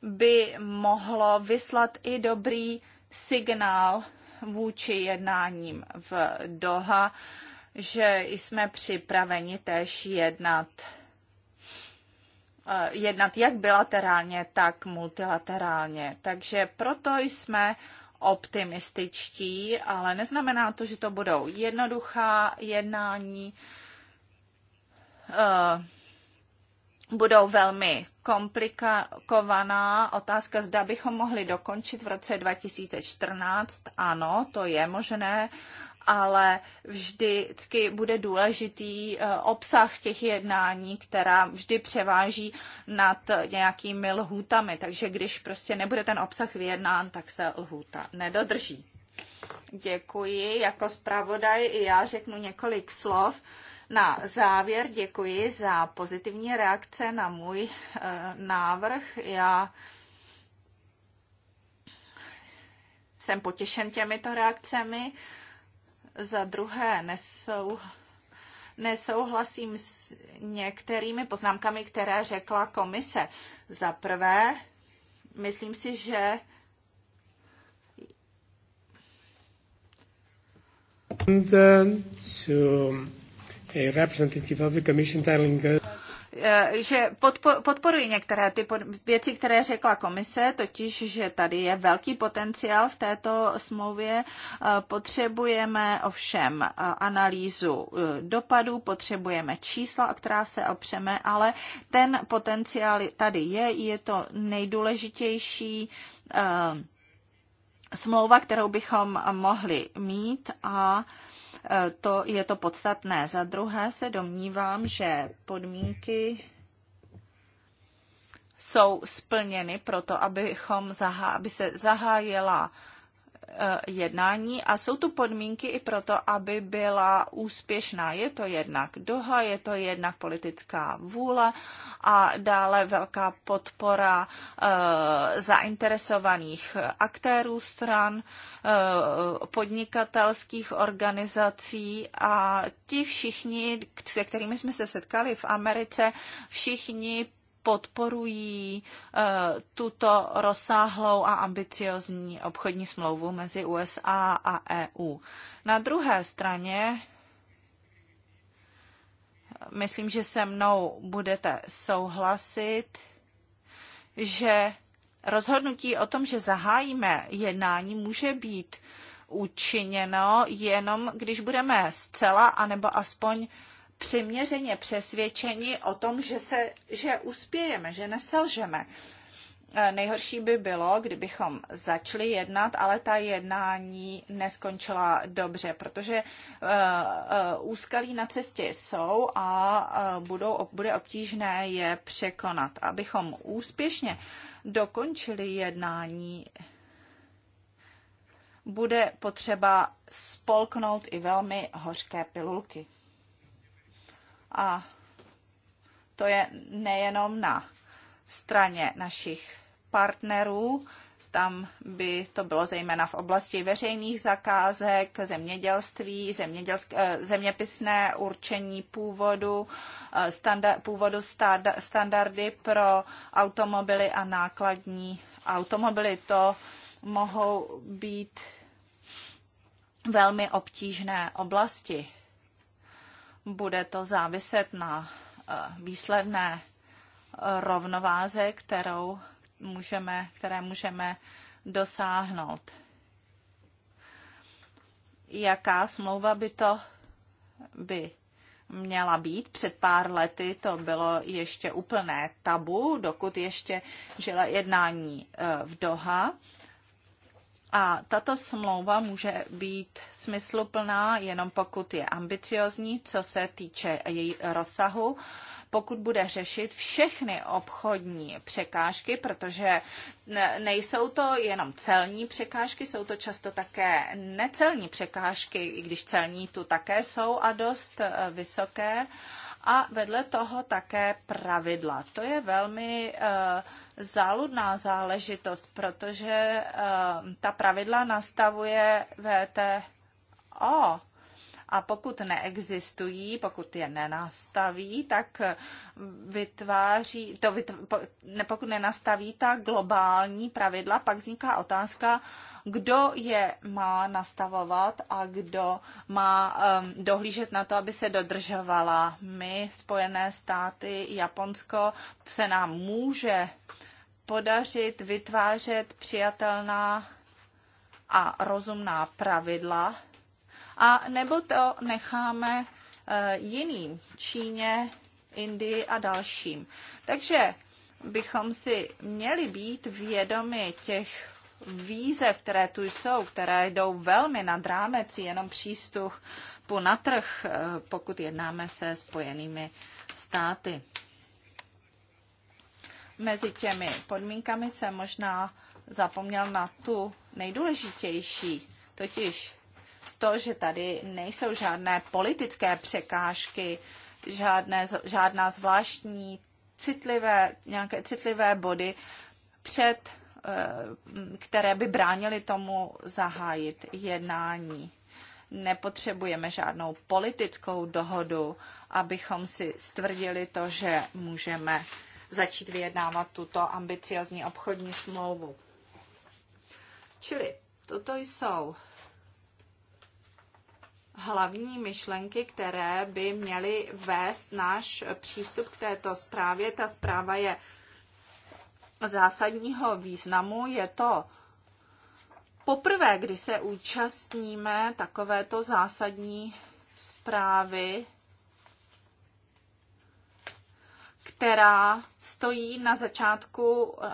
by mohlo vyslat i dobrý signál vůči jednáním v Doha, že jsme připraveni též jednat eh, jednat jak bilaterálně, tak multilaterálně. Takže proto jsme optimističtí, ale neznamená to, že to budou jednoduchá jednání. Uh, budou velmi komplikovaná. Otázka, zda bychom mohli dokončit v roce 2014. Ano, to je možné, ale vždycky bude důležitý eh, obsah těch jednání, která vždy převáží nad nějakými lhůtami. Takže když prostě nebude ten obsah vyjednán, tak se lhůta nedodrží. Děkuji. Jako zpravodaj i já řeknu několik slov na závěr děkuji za pozitivní reakce na můj návrh. Já jsem potěšen těmito reakcemi. Za druhé nesou, nesouhlasím s některými poznámkami, které řekla komise. Za prvé, myslím si, že And, then to Eh, že podporuji některé ty věci, které řekla komise, totiž, že tady je velký potenciál v této smlouvě. Eh, potřebujeme ovšem eh, analýzu dopadů, potřebujeme čísla, o která se opřeme, ale ten potenciál tady je, je to nejdůležitější smlouva, kterou bychom mohli mít a Eh, to je to podstatné. Za druhé se domnívám, že podmínky jsou splněny proto, abychom zahá, aby se zahájila Eh, jednání a jsou tu podmínky i proto, aby byla úspěšná. Je to jednak doha, je to jednak politická vůle a dále velká podpora eh, zainteresovaných aktérů stran, eh, podnikatelských organizací a ti všichni, se kterými jsme se setkali v Americe, všichni podporují eh, tuto rozsáhlou a ambiciozní obchodní smlouvu mezi USA a EU. Na druhé straně myslím, že se mnou budete souhlasit, že rozhodnutí o tom, že zahájíme jednání, může být učiněno jenom, když budeme zcela anebo aspoň přiměřeně přesvědčeni o tom, že, se, že uspějeme, že neselžeme. Eh, nejhorší by bylo, kdybychom začali jednat, ale ta jednání neskončila dobře, protože eh, eh, úskalí na cestě jsou a budou, bude obtížné je překonat. Abychom úspěšně dokončili jednání, bude potřeba spolknout i velmi hořké pilulky. A to je nejenom na straně našich partnerů, tam by to bylo zejména v oblasti veřejných zakázek, zemědělství, eh, zeměpisné určení původu, eh, standard, původu standardy pro automobily a nákladní automobily. To mohou být velmi obtížné oblasti bude to záviset na eh, výsledné eh, rovnováze, kterou můžeme, které můžeme dosáhnout. Jaká smlouva by to by měla být. Před pár lety to bylo ještě úplné tabu, dokud ještě žila jednání eh, v Doha. A tato smlouva může být smysluplná jenom pokud je ambiciozní, co se týče její rozsahu pokud bude řešit všechny obchodní překážky, protože nejsou to jenom celní překážky, jsou to často také necelní překážky, i když celní tu také jsou a dost eh, vysoké. A vedle toho také pravidla. To je velmi uh, záludná záležitost, protože eh, ta pravidla nastavuje VTO. A pokud neexistují, pokud je nenastaví, tak vytváří, to vytv, pokud nenastaví ta globální pravidla, pak vzniká otázka, kdo je má nastavovat a kdo má um, dohlížet na to, aby se dodržovala. My, Spojené státy, Japonsko se nám může podařit vytvářet přijatelná a rozumná pravidla, a nebo to necháme eh, jiným, Číně, Indii a dalším. Takže bychom si měli být vědomi těch výzev, které tu jsou, které jdou velmi nad rámec jenom přístup na trh, eh, pokud jednáme se spojenými státy mezi těmi podmínkami se možná zapomněl na tu nejdůležitější, totiž to, že tady nejsou žádné politické překážky, žádné, žádná zvláštní citlivé, nějaké citlivé body před, eh, které by bránily tomu zahájit jednání. Nepotřebujeme žádnou politickou dohodu, abychom si stvrdili to, že můžeme začít vyjednávat tuto ambiciozní obchodní smlouvu. Čili toto jsou hlavní myšlenky, které by měly vést náš přístup k této zprávě. Ta zpráva je zásadního významu. Je to poprvé, kdy se účastníme takovéto zásadní zprávy která stojí na začátku eh,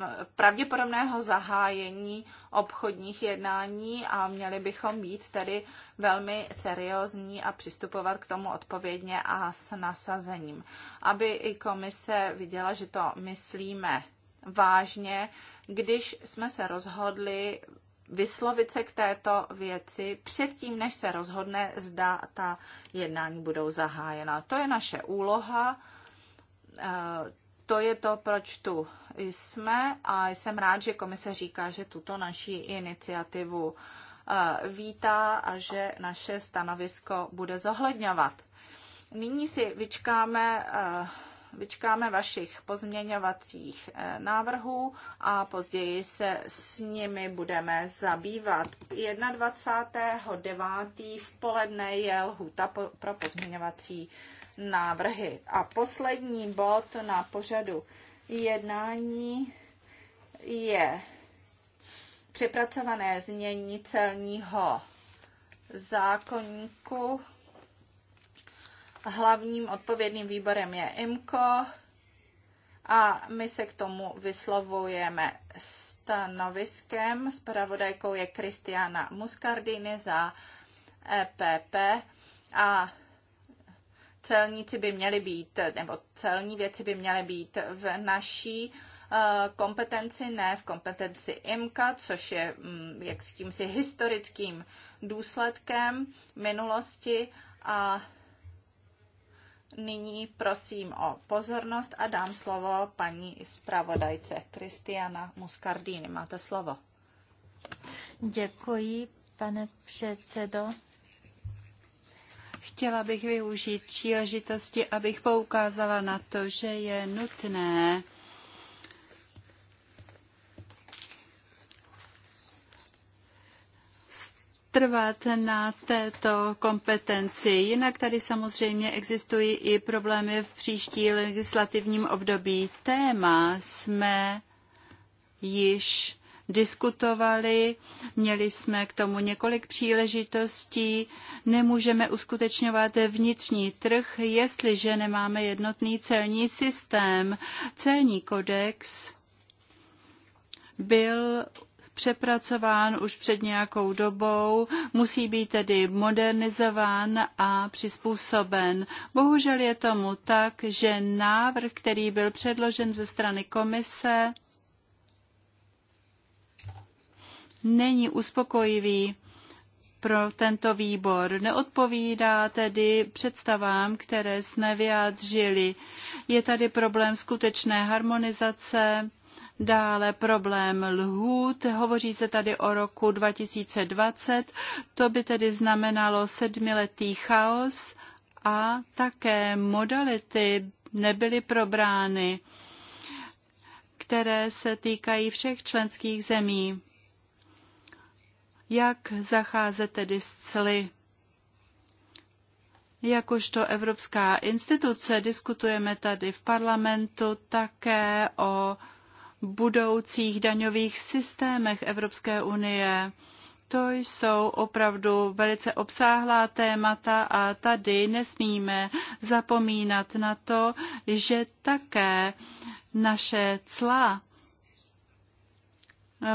eh, pravděpodobného zahájení obchodních jednání a měli bychom být tedy velmi seriózní a přistupovat k tomu odpovědně a s nasazením. Aby i komise viděla, že to myslíme vážně, když jsme se rozhodli vyslovit se k této věci předtím, než se rozhodne, zda ta jednání budou zahájena. To je naše úloha Eh, to je to, proč tu jsme a jsem rád, že komise říká, že tuto naší iniciativu eh, vítá a že naše stanovisko bude zohledňovat. Nyní si vyčkáme eh, vyčkáme vašich pozměňovacích návrhů a později se s nimi budeme zabývat. 21.9. v poledne je lhuta pro pozměňovací návrhy. A poslední bod na pořadu jednání je přepracované změní celního zákonníku. Hlavním odpovědným výborem je IMCO a my se k tomu vyslovujeme stanoviskem. Spravodajkou je Kristiana Muscardini za EPP a celníci by měli být, nebo celní věci by měly být v naší eh, kompetenci, ne v kompetenci IMKA, což je mm, jak s tím si historickým důsledkem minulosti a Nyní prosím o pozornost a dám slovo paní zpravodajce Kristiana Muscardini. Máte slovo. Děkuji, pane předsedo. Chtěla bych využít příležitosti, abych poukázala na to, že je nutné trvat na této kompetenci. Jinak tady samozřejmě existují i problémy v příští legislativním období. Téma jsme již diskutovali, měli jsme k tomu několik příležitostí. Nemůžeme uskutečňovat vnitřní trh, jestliže nemáme jednotný celní systém. Celní kodex byl přepracován už před nějakou dobou, musí být tedy modernizován a přizpůsoben. Bohužel je tomu tak, že návrh, který byl předložen ze strany komise, není uspokojivý pro tento výbor. Neodpovídá tedy představám, které jsme vyjádřili. Je tady problém skutečné harmonizace, dále problém lhůt. Hovoří se tady o roku 2020. To by tedy znamenalo sedmiletý chaos a také modality nebyly probrány, které se týkají všech členských zemí jak zacházet tedy s cly. Jakožto evropská instituce diskutujeme tady v parlamentu také o budoucích daňových systémech Evropské unie. To jsou opravdu velice obsáhlá témata a tady nesmíme zapomínat na to, že také naše cla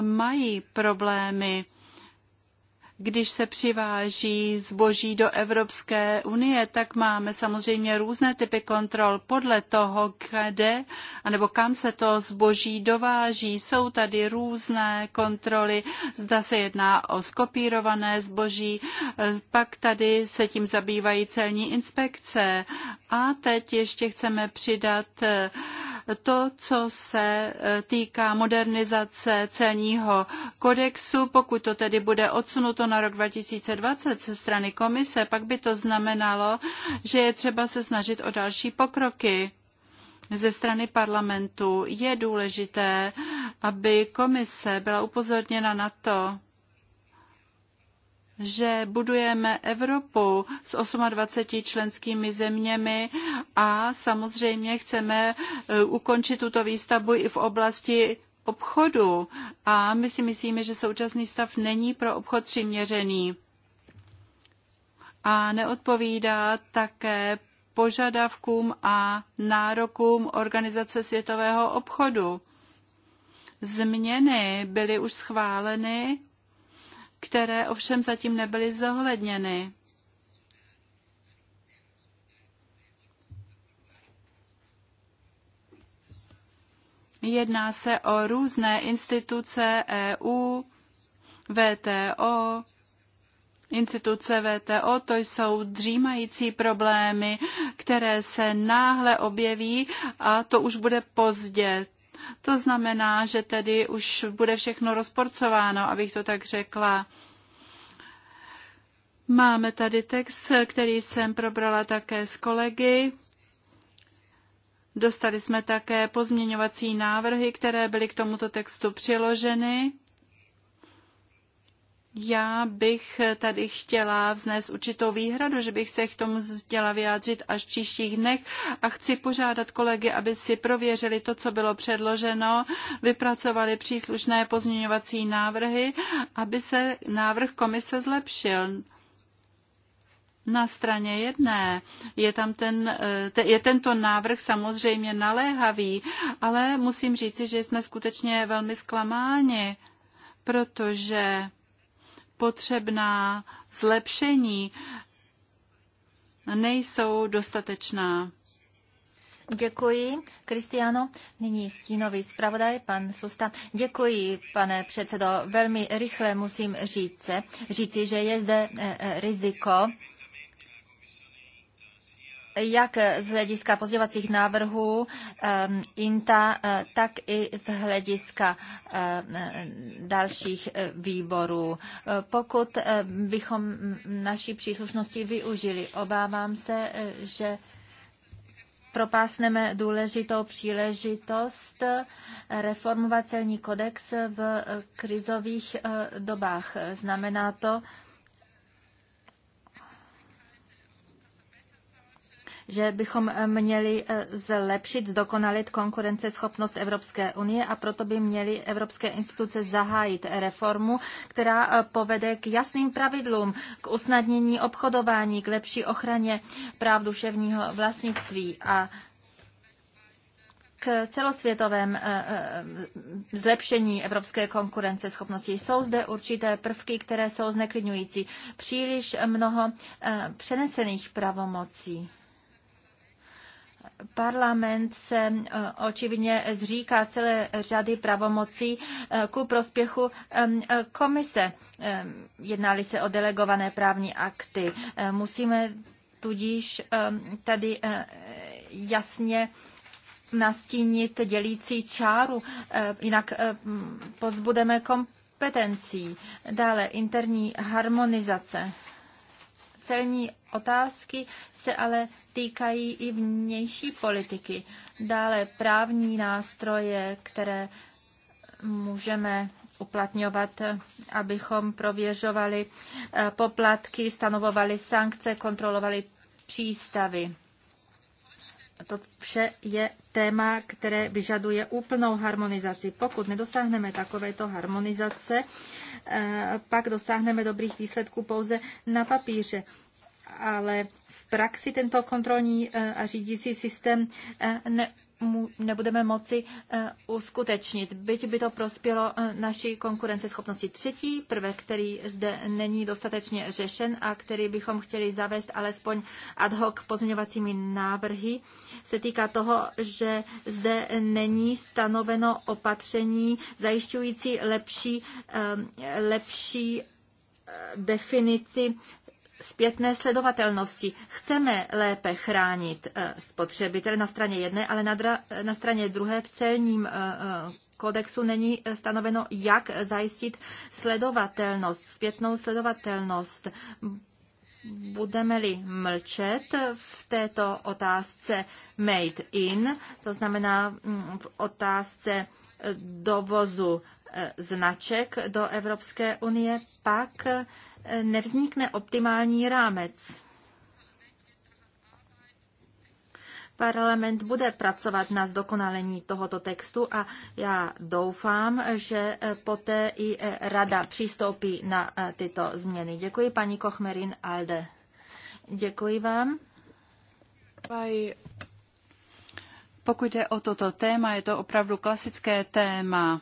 mají problémy když se přiváží zboží do Evropské unie, tak máme samozřejmě různé typy kontrol podle toho, kde anebo kam se to zboží dováží. Jsou tady různé kontroly, zda se jedná o skopírované zboží, pak tady se tím zabývají celní inspekce. A teď ještě chceme přidat to, co se e, týká modernizace celního kodexu, pokud to tedy bude odsunuto na rok 2020 ze strany komise, pak by to znamenalo, že je třeba se snažit o další pokroky ze strany parlamentu je důležité, aby komise byla upozorněna na to, že budujeme Evropu s 28 členskými zeměmi a samozřejmě chceme eh, ukončit tuto výstavbu i v oblasti obchodu. A my si myslíme, že současný stav není pro obchod přiměřený a neodpovídá také požadavkům a nárokům Organizace světového obchodu. Změny byly už schváleny které ovšem zatím nebyly zohledněny. Jedná se o různé instituce EU, VTO, instituce VTO, to jsou dřímající problémy, které se náhle objeví a to už bude pozdě. To znamená, že tedy už bude všechno rozporcováno, abych to tak řekla. Máme tady text, který jsem probrala také s kolegy. Dostali jsme také pozměňovací návrhy, které byly k tomuto textu přiloženy. Já bych tady chtěla vznést určitou výhradu, že bych se k tomu chtěla vyjádřit až v příštích dnech a chci požádat kolegy, aby si prověřili to, co bylo předloženo, vypracovali příslušné pozměňovací návrhy, aby se návrh komise zlepšil. Na straně jedné je tam ten, je tento návrh samozřejmě naléhavý, ale musím říci, že jsme skutečně velmi zklamáni, protože potřebná zlepšení nejsou dostatečná. Děkuji, Kristiano. Nyní stínový zpravodaj, pan Susta. Děkuji, pane předsedo. Velmi rychle musím říct, říci, že je zde eh, eh, riziko, jak z hlediska pozděvacích návrhů um, INTA, eh, tak i z hlediska eh, dalších výborů. Pokud bychom naší příslušnosti využili, obávám se, že propásneme důležitou příležitost reformovat celní kodex v krizových dobách. Znamená to, že bychom eh, měli eh, zlepšit, zdokonalit konkurenceschopnost Evropské unie a proto by měly evropské instituce zahájit reformu, která eh, povede k jasným pravidlům, k usnadnění obchodování, k lepší ochraně práv duševního vlastnictví a k celosvětovém zlepšení evropské konkurenceschopnosti. Jsou zde určité prvky, které jsou zneklidňující. Příliš mnoho přenesených pravomocí parlament se eh, očividně zříká celé řady pravomocí eh, ku prospěchu eh, komise. Jednali se o delegované právní akty. Musíme tudíž tady jasně nastínit dělící čáru, jinak pozbudeme kompetencí. Dále interní harmonizace celní otázky se ale týkají i vnější politiky. Dále právní nástroje, které můžeme uplatňovat, abychom prověřovali eh, poplatky, stanovovali sankce, kontrolovali přístavy. To vše je téma, které vyžaduje úplnou harmonizaci. Pokud nedosáhneme takovéto harmonizace, eh, pak dosáhneme dobrých výsledků pouze na papíře. Ale v praxi tento kontrolní eh, a řídící systém eh, ne nebudeme moci eh, uskutečnit, byť by to prospělo eh, naší konkurenceschopnosti. Třetí prvek, který zde není dostatečně řešen a který bychom chtěli zavést alespoň ad hoc pozměňovacími návrhy, se týká toho, že zde není stanoveno opatření zajišťující lepší, eh, lepší definici zpětné sledovatelnosti. Chceme lépe chránit eh, spotřebitele na straně jedné, ale na, dra- na straně druhé v celním eh, eh, kodexu není stanoveno, jak zajistit sledovatelnost, zpětnou sledovatelnost. Budeme-li mlčet v této otázce made in, to znamená mm, v otázce dovozu značek do Evropské unie, pak nevznikne optimální rámec. Parlament bude pracovat na zdokonalení tohoto textu a já doufám, že poté i rada přistoupí na eh, tyto změny. Děkuji paní Kochmerin Alde. Děkuji vám. Pokud jde o toto téma, je to opravdu klasické téma.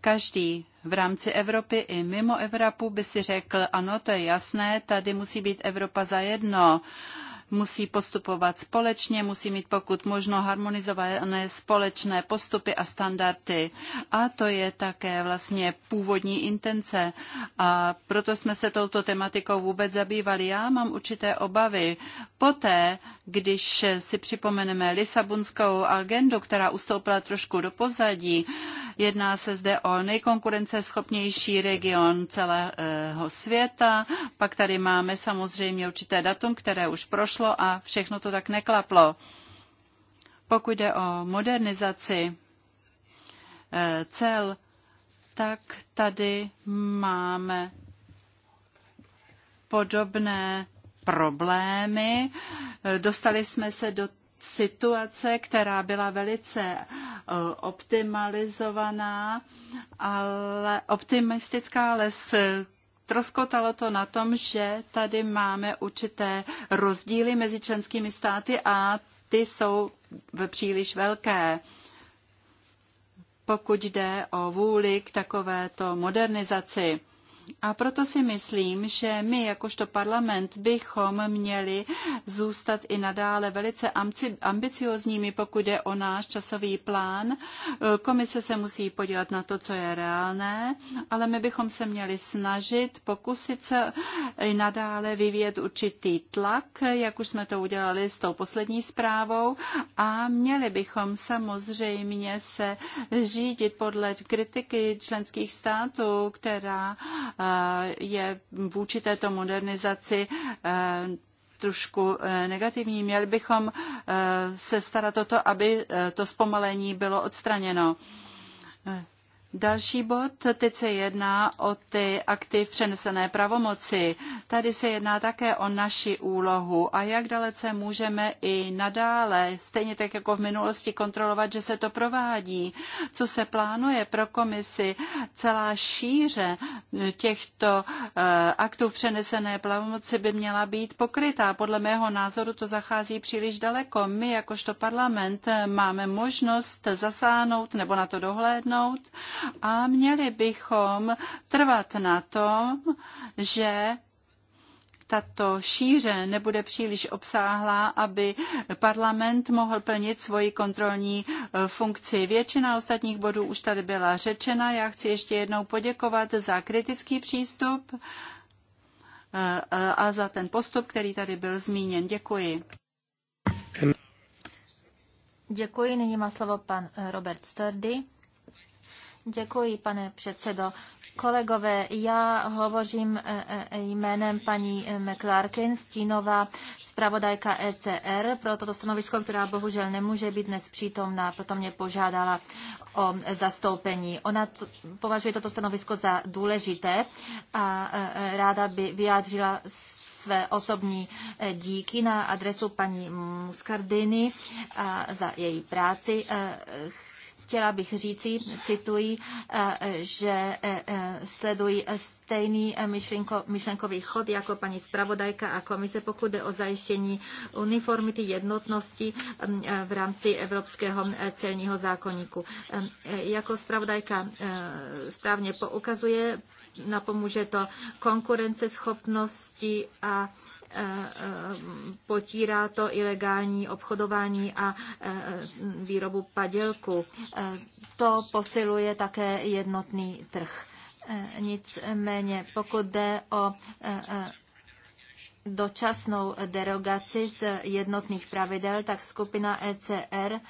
Každý v rámci Evropy i mimo Evropu by si řekl, ano, to je jasné, tady musí být Evropa zajedno musí postupovat společně, musí mít pokud možno harmonizované společné postupy a standardy. A to je také vlastně původní intence. A proto jsme se touto tematikou vůbec zabývali. Já mám určité obavy. Poté, když si připomeneme Lisabonskou agendu, která ustoupila trošku do pozadí, Jedná se zde o nejkonkurenceschopnější region celého světa. Pak tady máme samozřejmě určité datum, které už prošlo a všechno to tak neklaplo. Pokud jde o modernizaci eh, cel, tak tady máme podobné problémy. Dostali jsme se do situace, která byla velice eh, optimalizovaná, ale optimistická, ale eh, Troskotalo to na tom, že tady máme určité rozdíly mezi členskými státy a ty jsou příliš velké. Pokud jde o vůli k takovéto modernizaci, a proto si myslím, že my jakožto parlament bychom měli zůstat i nadále velice ambiciozními, pokud jde o náš časový plán. Komise se musí podívat na to, co je reálné, ale my bychom se měli snažit pokusit se i nadále vyvíjet určitý tlak, jak už jsme to udělali s tou poslední zprávou a měli bychom samozřejmě se řídit podle kritiky členských států, která je vůči této modernizaci eh, trošku eh, negativní. Měli bychom eh, se starat o to, aby to zpomalení bylo odstraněno. Další bod, teď se jedná o ty akty v přenesené pravomoci. Tady se jedná také o naši úlohu a jak dalece můžeme i nadále, stejně tak jako v minulosti, kontrolovat, že se to provádí. Co se plánuje pro komisi, celá šíře těchto eh, aktů v přenesené pravomoci by měla být pokrytá. Podle mého názoru to zachází příliš daleko. My, jakožto parlament, máme možnost zasáhnout nebo na to dohlédnout a měli bychom trvat na tom, že tato šíře nebude příliš obsáhlá, aby parlament mohl plnit svoji kontrolní eh, funkci. Většina ostatních bodů už tady byla řečena. Já chci ještě jednou poděkovat za kritický přístup eh, eh, a za ten postup, který tady byl zmíněn. Děkuji. Děkuji. Nyní má slovo pan Robert Sturdy. Děkuji, pane předsedo. Kolegové, já hovořím e, e, jménem paní e, McClarkin, stínová zpravodajka ECR pro toto stanovisko, která bohužel nemůže být dnes přítomná, proto mě požádala o zastoupení. Ona to, považuje toto stanovisko za důležité a ráda by vyjádřila své osobní díky na adresu paní Muscardini za její práci chtěla bych říci, cituji, eh, že eh, eh, sledují stejný myšlenko, myšlenkový chod jako paní zpravodajka a komise, pokud jde o zajištění uniformity, jednotnosti mm, v rámci Evropského celního zákonníku. Jako zpravodajka správně poukazuje, napomůže to konkurenceschopnosti a potírá to ilegální obchodování a e, výrobu padělku. E, to posiluje také jednotný trh. E, nicméně, pokud jde o dočasnou derogaci z jednotných pravidel, tak skupina ECR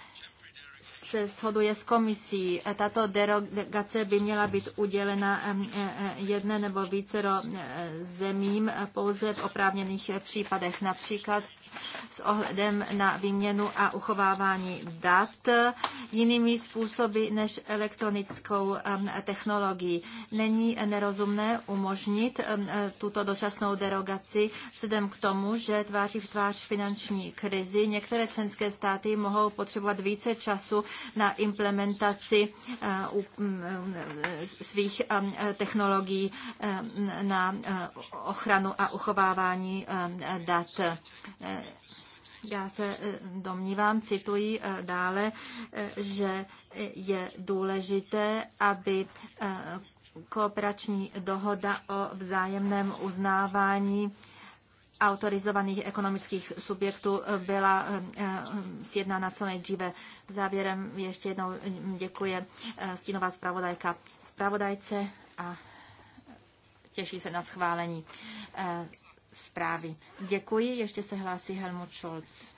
se shoduje s komisí. E, tato derogace by měla být udělena e, e, jedné nebo vícero zemím pouze v oprávněných případech, například s ohledem na výměnu a uchovávání dat jinými způsoby než elektronickou technologií. Není nerozumné umožnit tuto dočasnou derogaci vzhledem k tomu, že tváří v tvář finanční krizi. Některé členské státy mohou potřebovat více času na implementaci eh, eh, svých eh, technologií na ochranu a uchovávání dat. Já se domnívám, cituji dále, že je důležité, aby kooperační dohoda o vzájemném uznávání autorizovaných ekonomických subjektů byla eh, sjednána co nejdříve. Závěrem ještě jednou děkuje eh, stínová zpravodajka zpravodajce a těší se na schválení eh, zprávy. Děkuji, ještě se hlásí Helmut Scholz.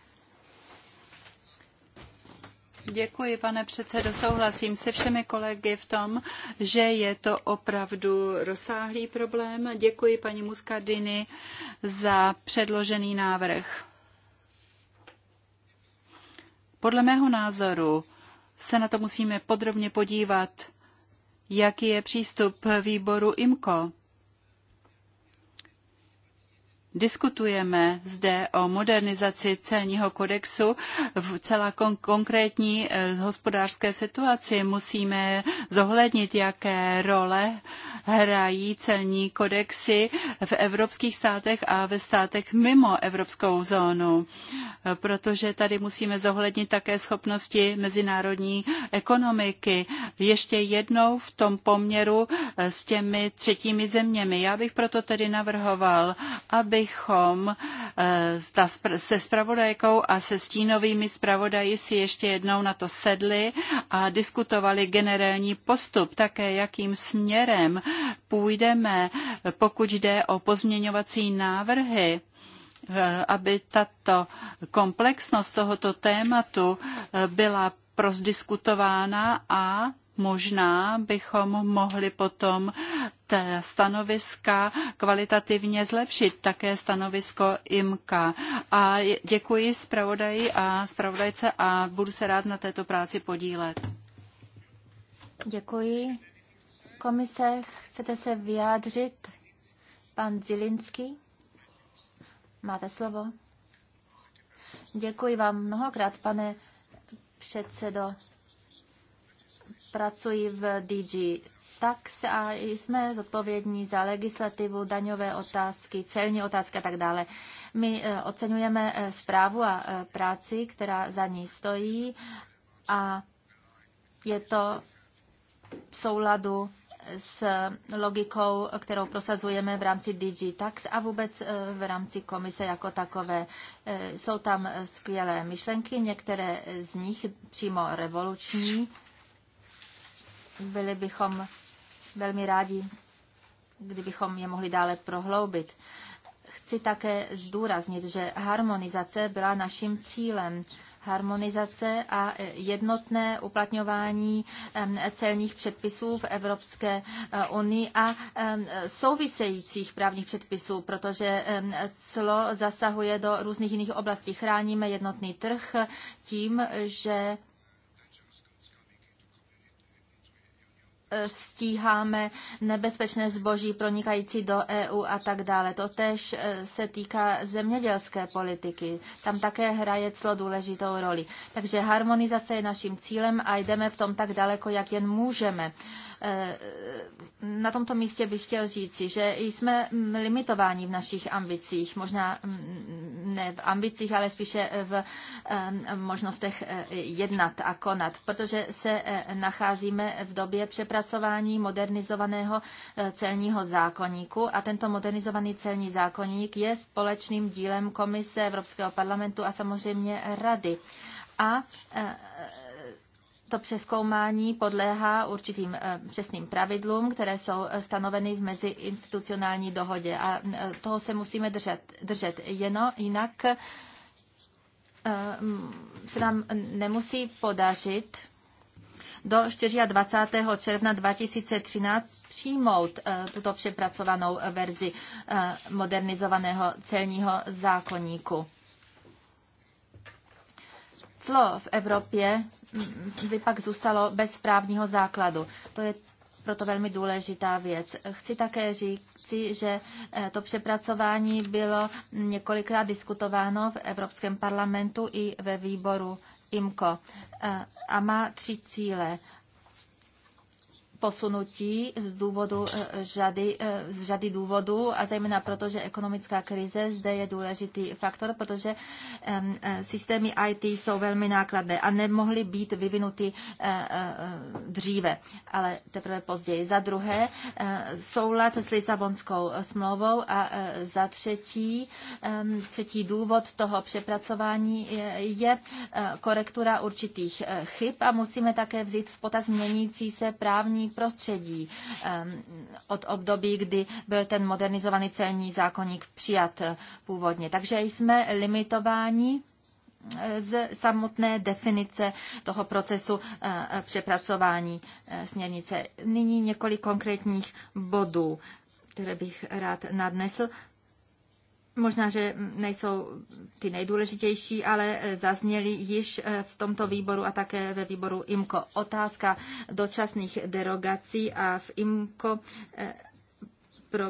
Děkuji, pane předsedo. Souhlasím se všemi kolegy v tom, že je to opravdu rozsáhlý problém. Děkuji paní Muscadini za předložený návrh. Podle mého názoru se na to musíme podrobně podívat, jaký je přístup výboru IMCO Diskutujeme zde o modernizaci celního kodexu v celá kon- konkrétní eh, hospodářské situaci. Musíme zohlednit, jaké role hrají celní kodexy v evropských státech a ve státech mimo evropskou zónu, eh, protože tady musíme zohlednit také schopnosti mezinárodní ekonomiky. Ještě jednou v tom poměru eh, s těmi třetími zeměmi. Já bych proto tedy navrhoval, aby bychom eh, se spravodajkou a se stínovými spravodaji si ještě jednou na to sedli a diskutovali generální postup, také jakým směrem půjdeme, pokud jde o pozměňovací návrhy eh, aby tato komplexnost tohoto tématu eh, byla prozdiskutována a Možná bychom mohli potom té stanoviska kvalitativně zlepšit, také stanovisko IMKA. A děkuji zpravodaji a zpravodajce a budu se rád na této práci podílet. Děkuji. Komise, chcete se vyjádřit? Pan Zilinský, máte slovo. Děkuji vám mnohokrát, pane předsedo pracuji v DG Tax a jsme zodpovědní za legislativu, daňové otázky, celní otázky a tak dále. My eh, oceňujeme eh, zprávu a eh, práci, která za ní stojí a je to v souladu s logikou, kterou prosazujeme v rámci DigiTax a vůbec v rámci komise jako takové. Jsou tam skvělé myšlenky, některé z nich přímo revoluční byli bychom velmi rádi, kdybychom je mohli dále prohloubit. Chci také zdůraznit, že harmonizace byla naším cílem. Harmonizace a jednotné uplatňování celních předpisů v Evropské eh, unii a souvisejících právních předpisů, protože clo zasahuje do různých jiných oblastí. Chráníme jednotný trh tím, že E, stíháme nebezpečné zboží pronikající do EU a tak dále. To tež e, se týká zemědělské politiky. Tam také hraje clo důležitou roli. Takže harmonizace je naším cílem a jdeme v tom tak daleko, jak jen můžeme. Eh, na tomto místě bych chtěl říci, že jsme limitováni v našich ambicích, možná mm, ne v ambicích, ale spíše v eh, možnostech eh, jednat a konat, protože se nacházíme v době přepracování modernizovaného celního zákoníku a tento modernizovaný celní zákoník je společným dílem Komise Evropského parlamentu a samozřejmě Rady. A to přeskoumání podléhá určitým eh, přesným pravidlům, které jsou eh, stanoveny v meziinstitucionální dohodě a eh, toho se musíme držet. držet. Jeno, jinak mm, se nám nemusí podařit do 24. června 2013 přijmout tuto přepracovanou verzi modernizovaného celního zákonníku clo v Evropě mm, by pak zůstalo bez právního základu. To je proto velmi důležitá věc. Chci také říci, že eh, to přepracování bylo několikrát diskutováno v Evropském parlamentu i ve výboru IMCO eh, a má tři cíle posunutí z důvodu eh, řady, eh, z řady důvodů a zejména proto, že ekonomická krize zde je důležitý faktor, protože eh, systémy IT jsou velmi nákladné a nemohly být vyvinuty dříve, ale teprve později. Za druhé, soulad s Lisabonskou smlouvou a za třetí, třetí důvod toho přepracování je korektura určitých chyb a musíme také vzít v potaz měnící se právní prostředí od období, kdy byl ten modernizovaný celní zákonník přijat eh, původně. Takže jsme limitováni eh, z samotné definice toho procesu eh, přepracování směrnice. Nyní několik konkrétních bodů, které bych rád nadnesl možná, že nejsou ty nejdůležitější, ale zazněly již eh, v tomto výboru a také ve výboru IMKO. Otázka dočasných derogací a v IMKO eh, pro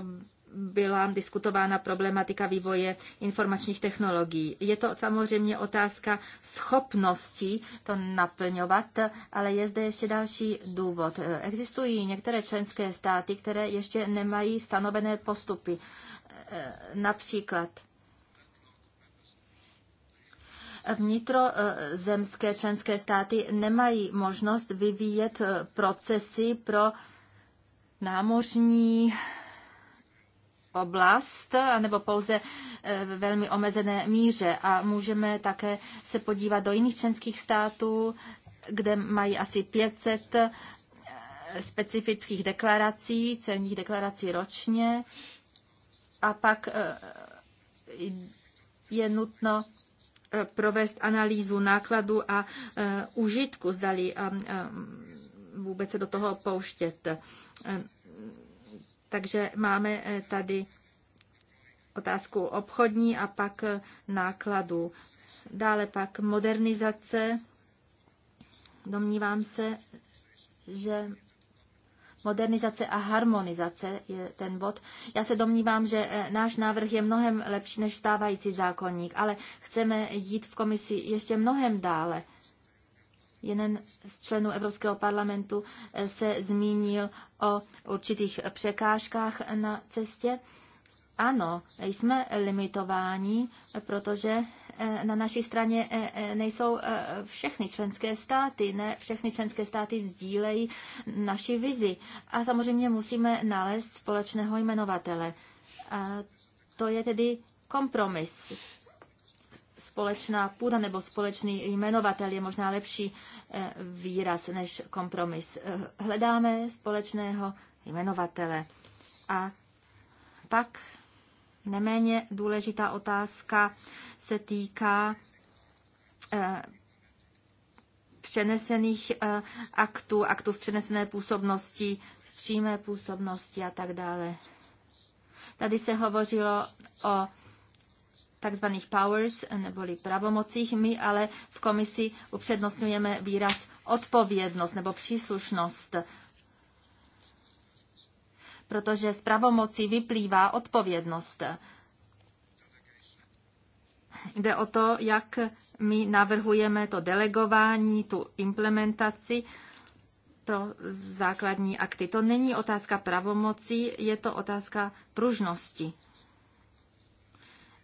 byla diskutována problematika vývoje informačních technologií. Je to samozřejmě otázka schopnosti to naplňovat, ale je zde ještě další důvod. Existují některé členské státy, které ještě nemají stanovené postupy Eh, například vnitrozemské členské státy nemají možnost vyvíjet eh, procesy pro námořní oblast, nebo pouze eh, ve velmi omezené míře. A můžeme také se podívat do jiných členských států, kde mají asi 500 specifických deklarací, celních deklarací ročně a pak eh, je nutno eh, provést analýzu nákladu a eh, užitku, zdali vůbec se do toho pouštět. Takže máme tady otázku obchodní a pak nákladu. Dále pak modernizace. Domnívám se, že Modernizace a harmonizace je ten bod. Já se domnívám, že eh, náš návrh je mnohem lepší než stávající zákonník, ale chceme jít v komisi ještě mnohem dále. Jeden z členů Evropského parlamentu eh, se zmínil o určitých překážkách na cestě. Ano, jsme limitováni, protože Eh, na naší straně eh, eh, nejsou všechny členské státy, ne všechny členské státy sdílejí naši vizi. A samozřejmě musíme nalézt společného jmenovatele. A to je tedy kompromis. Společná půda nebo společný jmenovatel je možná lepší výraz než kompromis. Hledáme společného jmenovatele. A pak Neméně důležitá otázka se týká eh, přenesených eh, aktů, aktů v přenesené působnosti, v přímé působnosti a tak dále. Tady se hovořilo o takzvaných powers neboli pravomocích. My ale v komisi upřednostňujeme výraz odpovědnost nebo příslušnost protože z pravomocí vyplývá odpovědnost. Jde o to, jak my navrhujeme to delegování, tu implementaci pro základní akty. To není otázka pravomocí, je to otázka pružnosti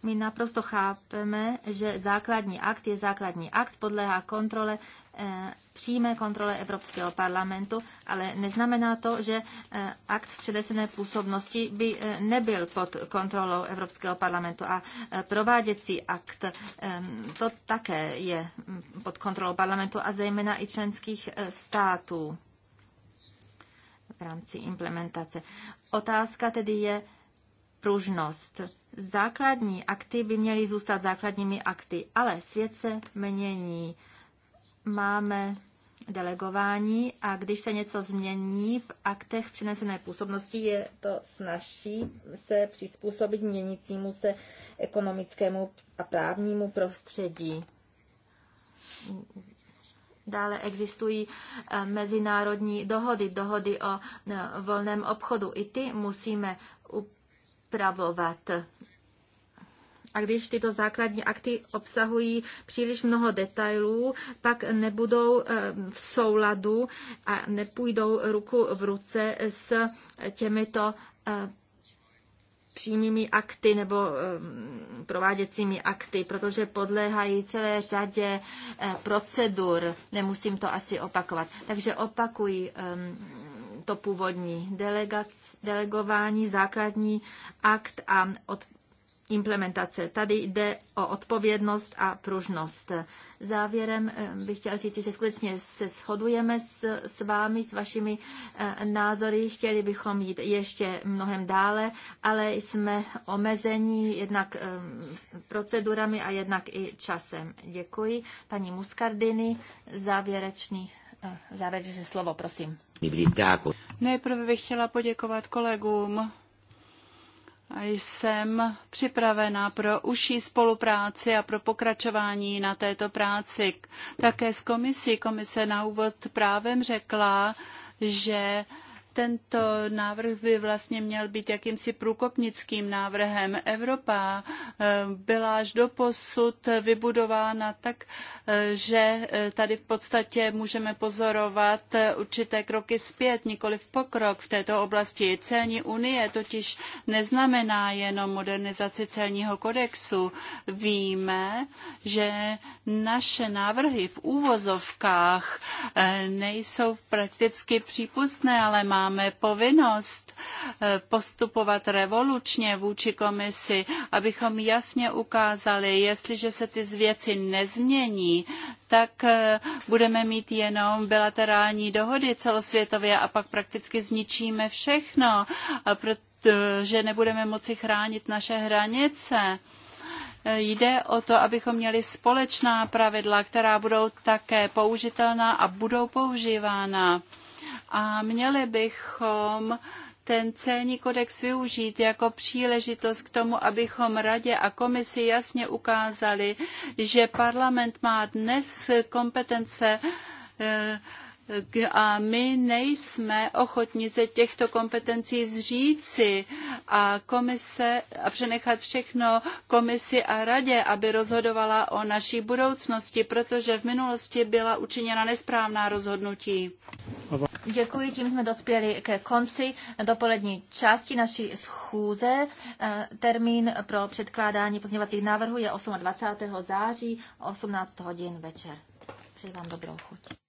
my naprosto chápeme, že základní akt je základní akt, podléhá kontrole, eh, přímé kontrole Evropského parlamentu, ale neznamená to, že eh, akt v přenesené působnosti by eh, nebyl pod kontrolou Evropského parlamentu a prováděcí akt to také je mm, pod kontrolou parlamentu a zejména i členských států v rámci implementace. Otázka tedy je, pružnost. Základní akty by měly zůstat základními akty, ale svět se mění. Máme delegování a když se něco změní v aktech přinesené působnosti, je to snažší se přizpůsobit měnícímu se ekonomickému a právnímu prostředí. Dále existují eh, mezinárodní dohody, dohody o eh, volném obchodu. I ty musíme upravovat. A když tyto základní akty obsahují příliš mnoho detailů, pak nebudou eh, v souladu a nepůjdou ruku v ruce s těmito eh, přímými akty nebo eh, prováděcími akty, protože podléhají celé řadě procedur. Nemusím to asi opakovat. Takže opakuji, to původní delegac, delegování, základní akt a od implementace. Tady jde o odpovědnost a pružnost. Závěrem eh, bych chtěla říct, že skutečně se shodujeme s, s vámi, s vašimi eh, názory. Chtěli bychom jít ještě mnohem dále, ale jsme omezení jednak eh, procedurami a jednak i časem. Děkuji paní Muscardini. Závěrečný Eh, závěrečné slovo, prosím. Nejprve bych chtěla poděkovat kolegům. A jsem připravena pro užší spolupráci a pro pokračování na této práci. Také s komisí. Komise na úvod právem řekla, že tento návrh by vlastně měl být jakýmsi průkopnickým návrhem. Evropa eh, byla až do posud vybudována tak, eh, že eh, tady v podstatě můžeme pozorovat určité kroky zpět, nikoli v pokrok v této oblasti. Celní unie totiž neznamená jenom modernizaci celního kodexu. Víme, že naše návrhy v úvozovkách eh, nejsou prakticky přípustné, ale máme povinnost eh, postupovat revolučně vůči komisi, abychom jasně ukázali, jestliže se ty věci nezmění, tak eh, budeme mít jenom bilaterální dohody celosvětově a pak prakticky zničíme všechno, protože nebudeme moci chránit naše hranice. Jde o to, abychom měli společná pravidla, která budou také použitelná a budou používána. A měli bychom ten celní kodex využít jako příležitost k tomu, abychom radě a komisi jasně ukázali, že parlament má dnes kompetence eh, a my nejsme ochotni ze těchto kompetencí zříci a komise a přenechat všechno komisi a radě, aby rozhodovala o naší budoucnosti, protože v minulosti byla učiněna nesprávná rozhodnutí. Děkuji, tím jsme dospěli ke konci dopolední části naší schůze. Eh, termín pro předkládání pozměňovacích návrhů je 28. září 18 hodin večer. Přeji vám dobrou chuť.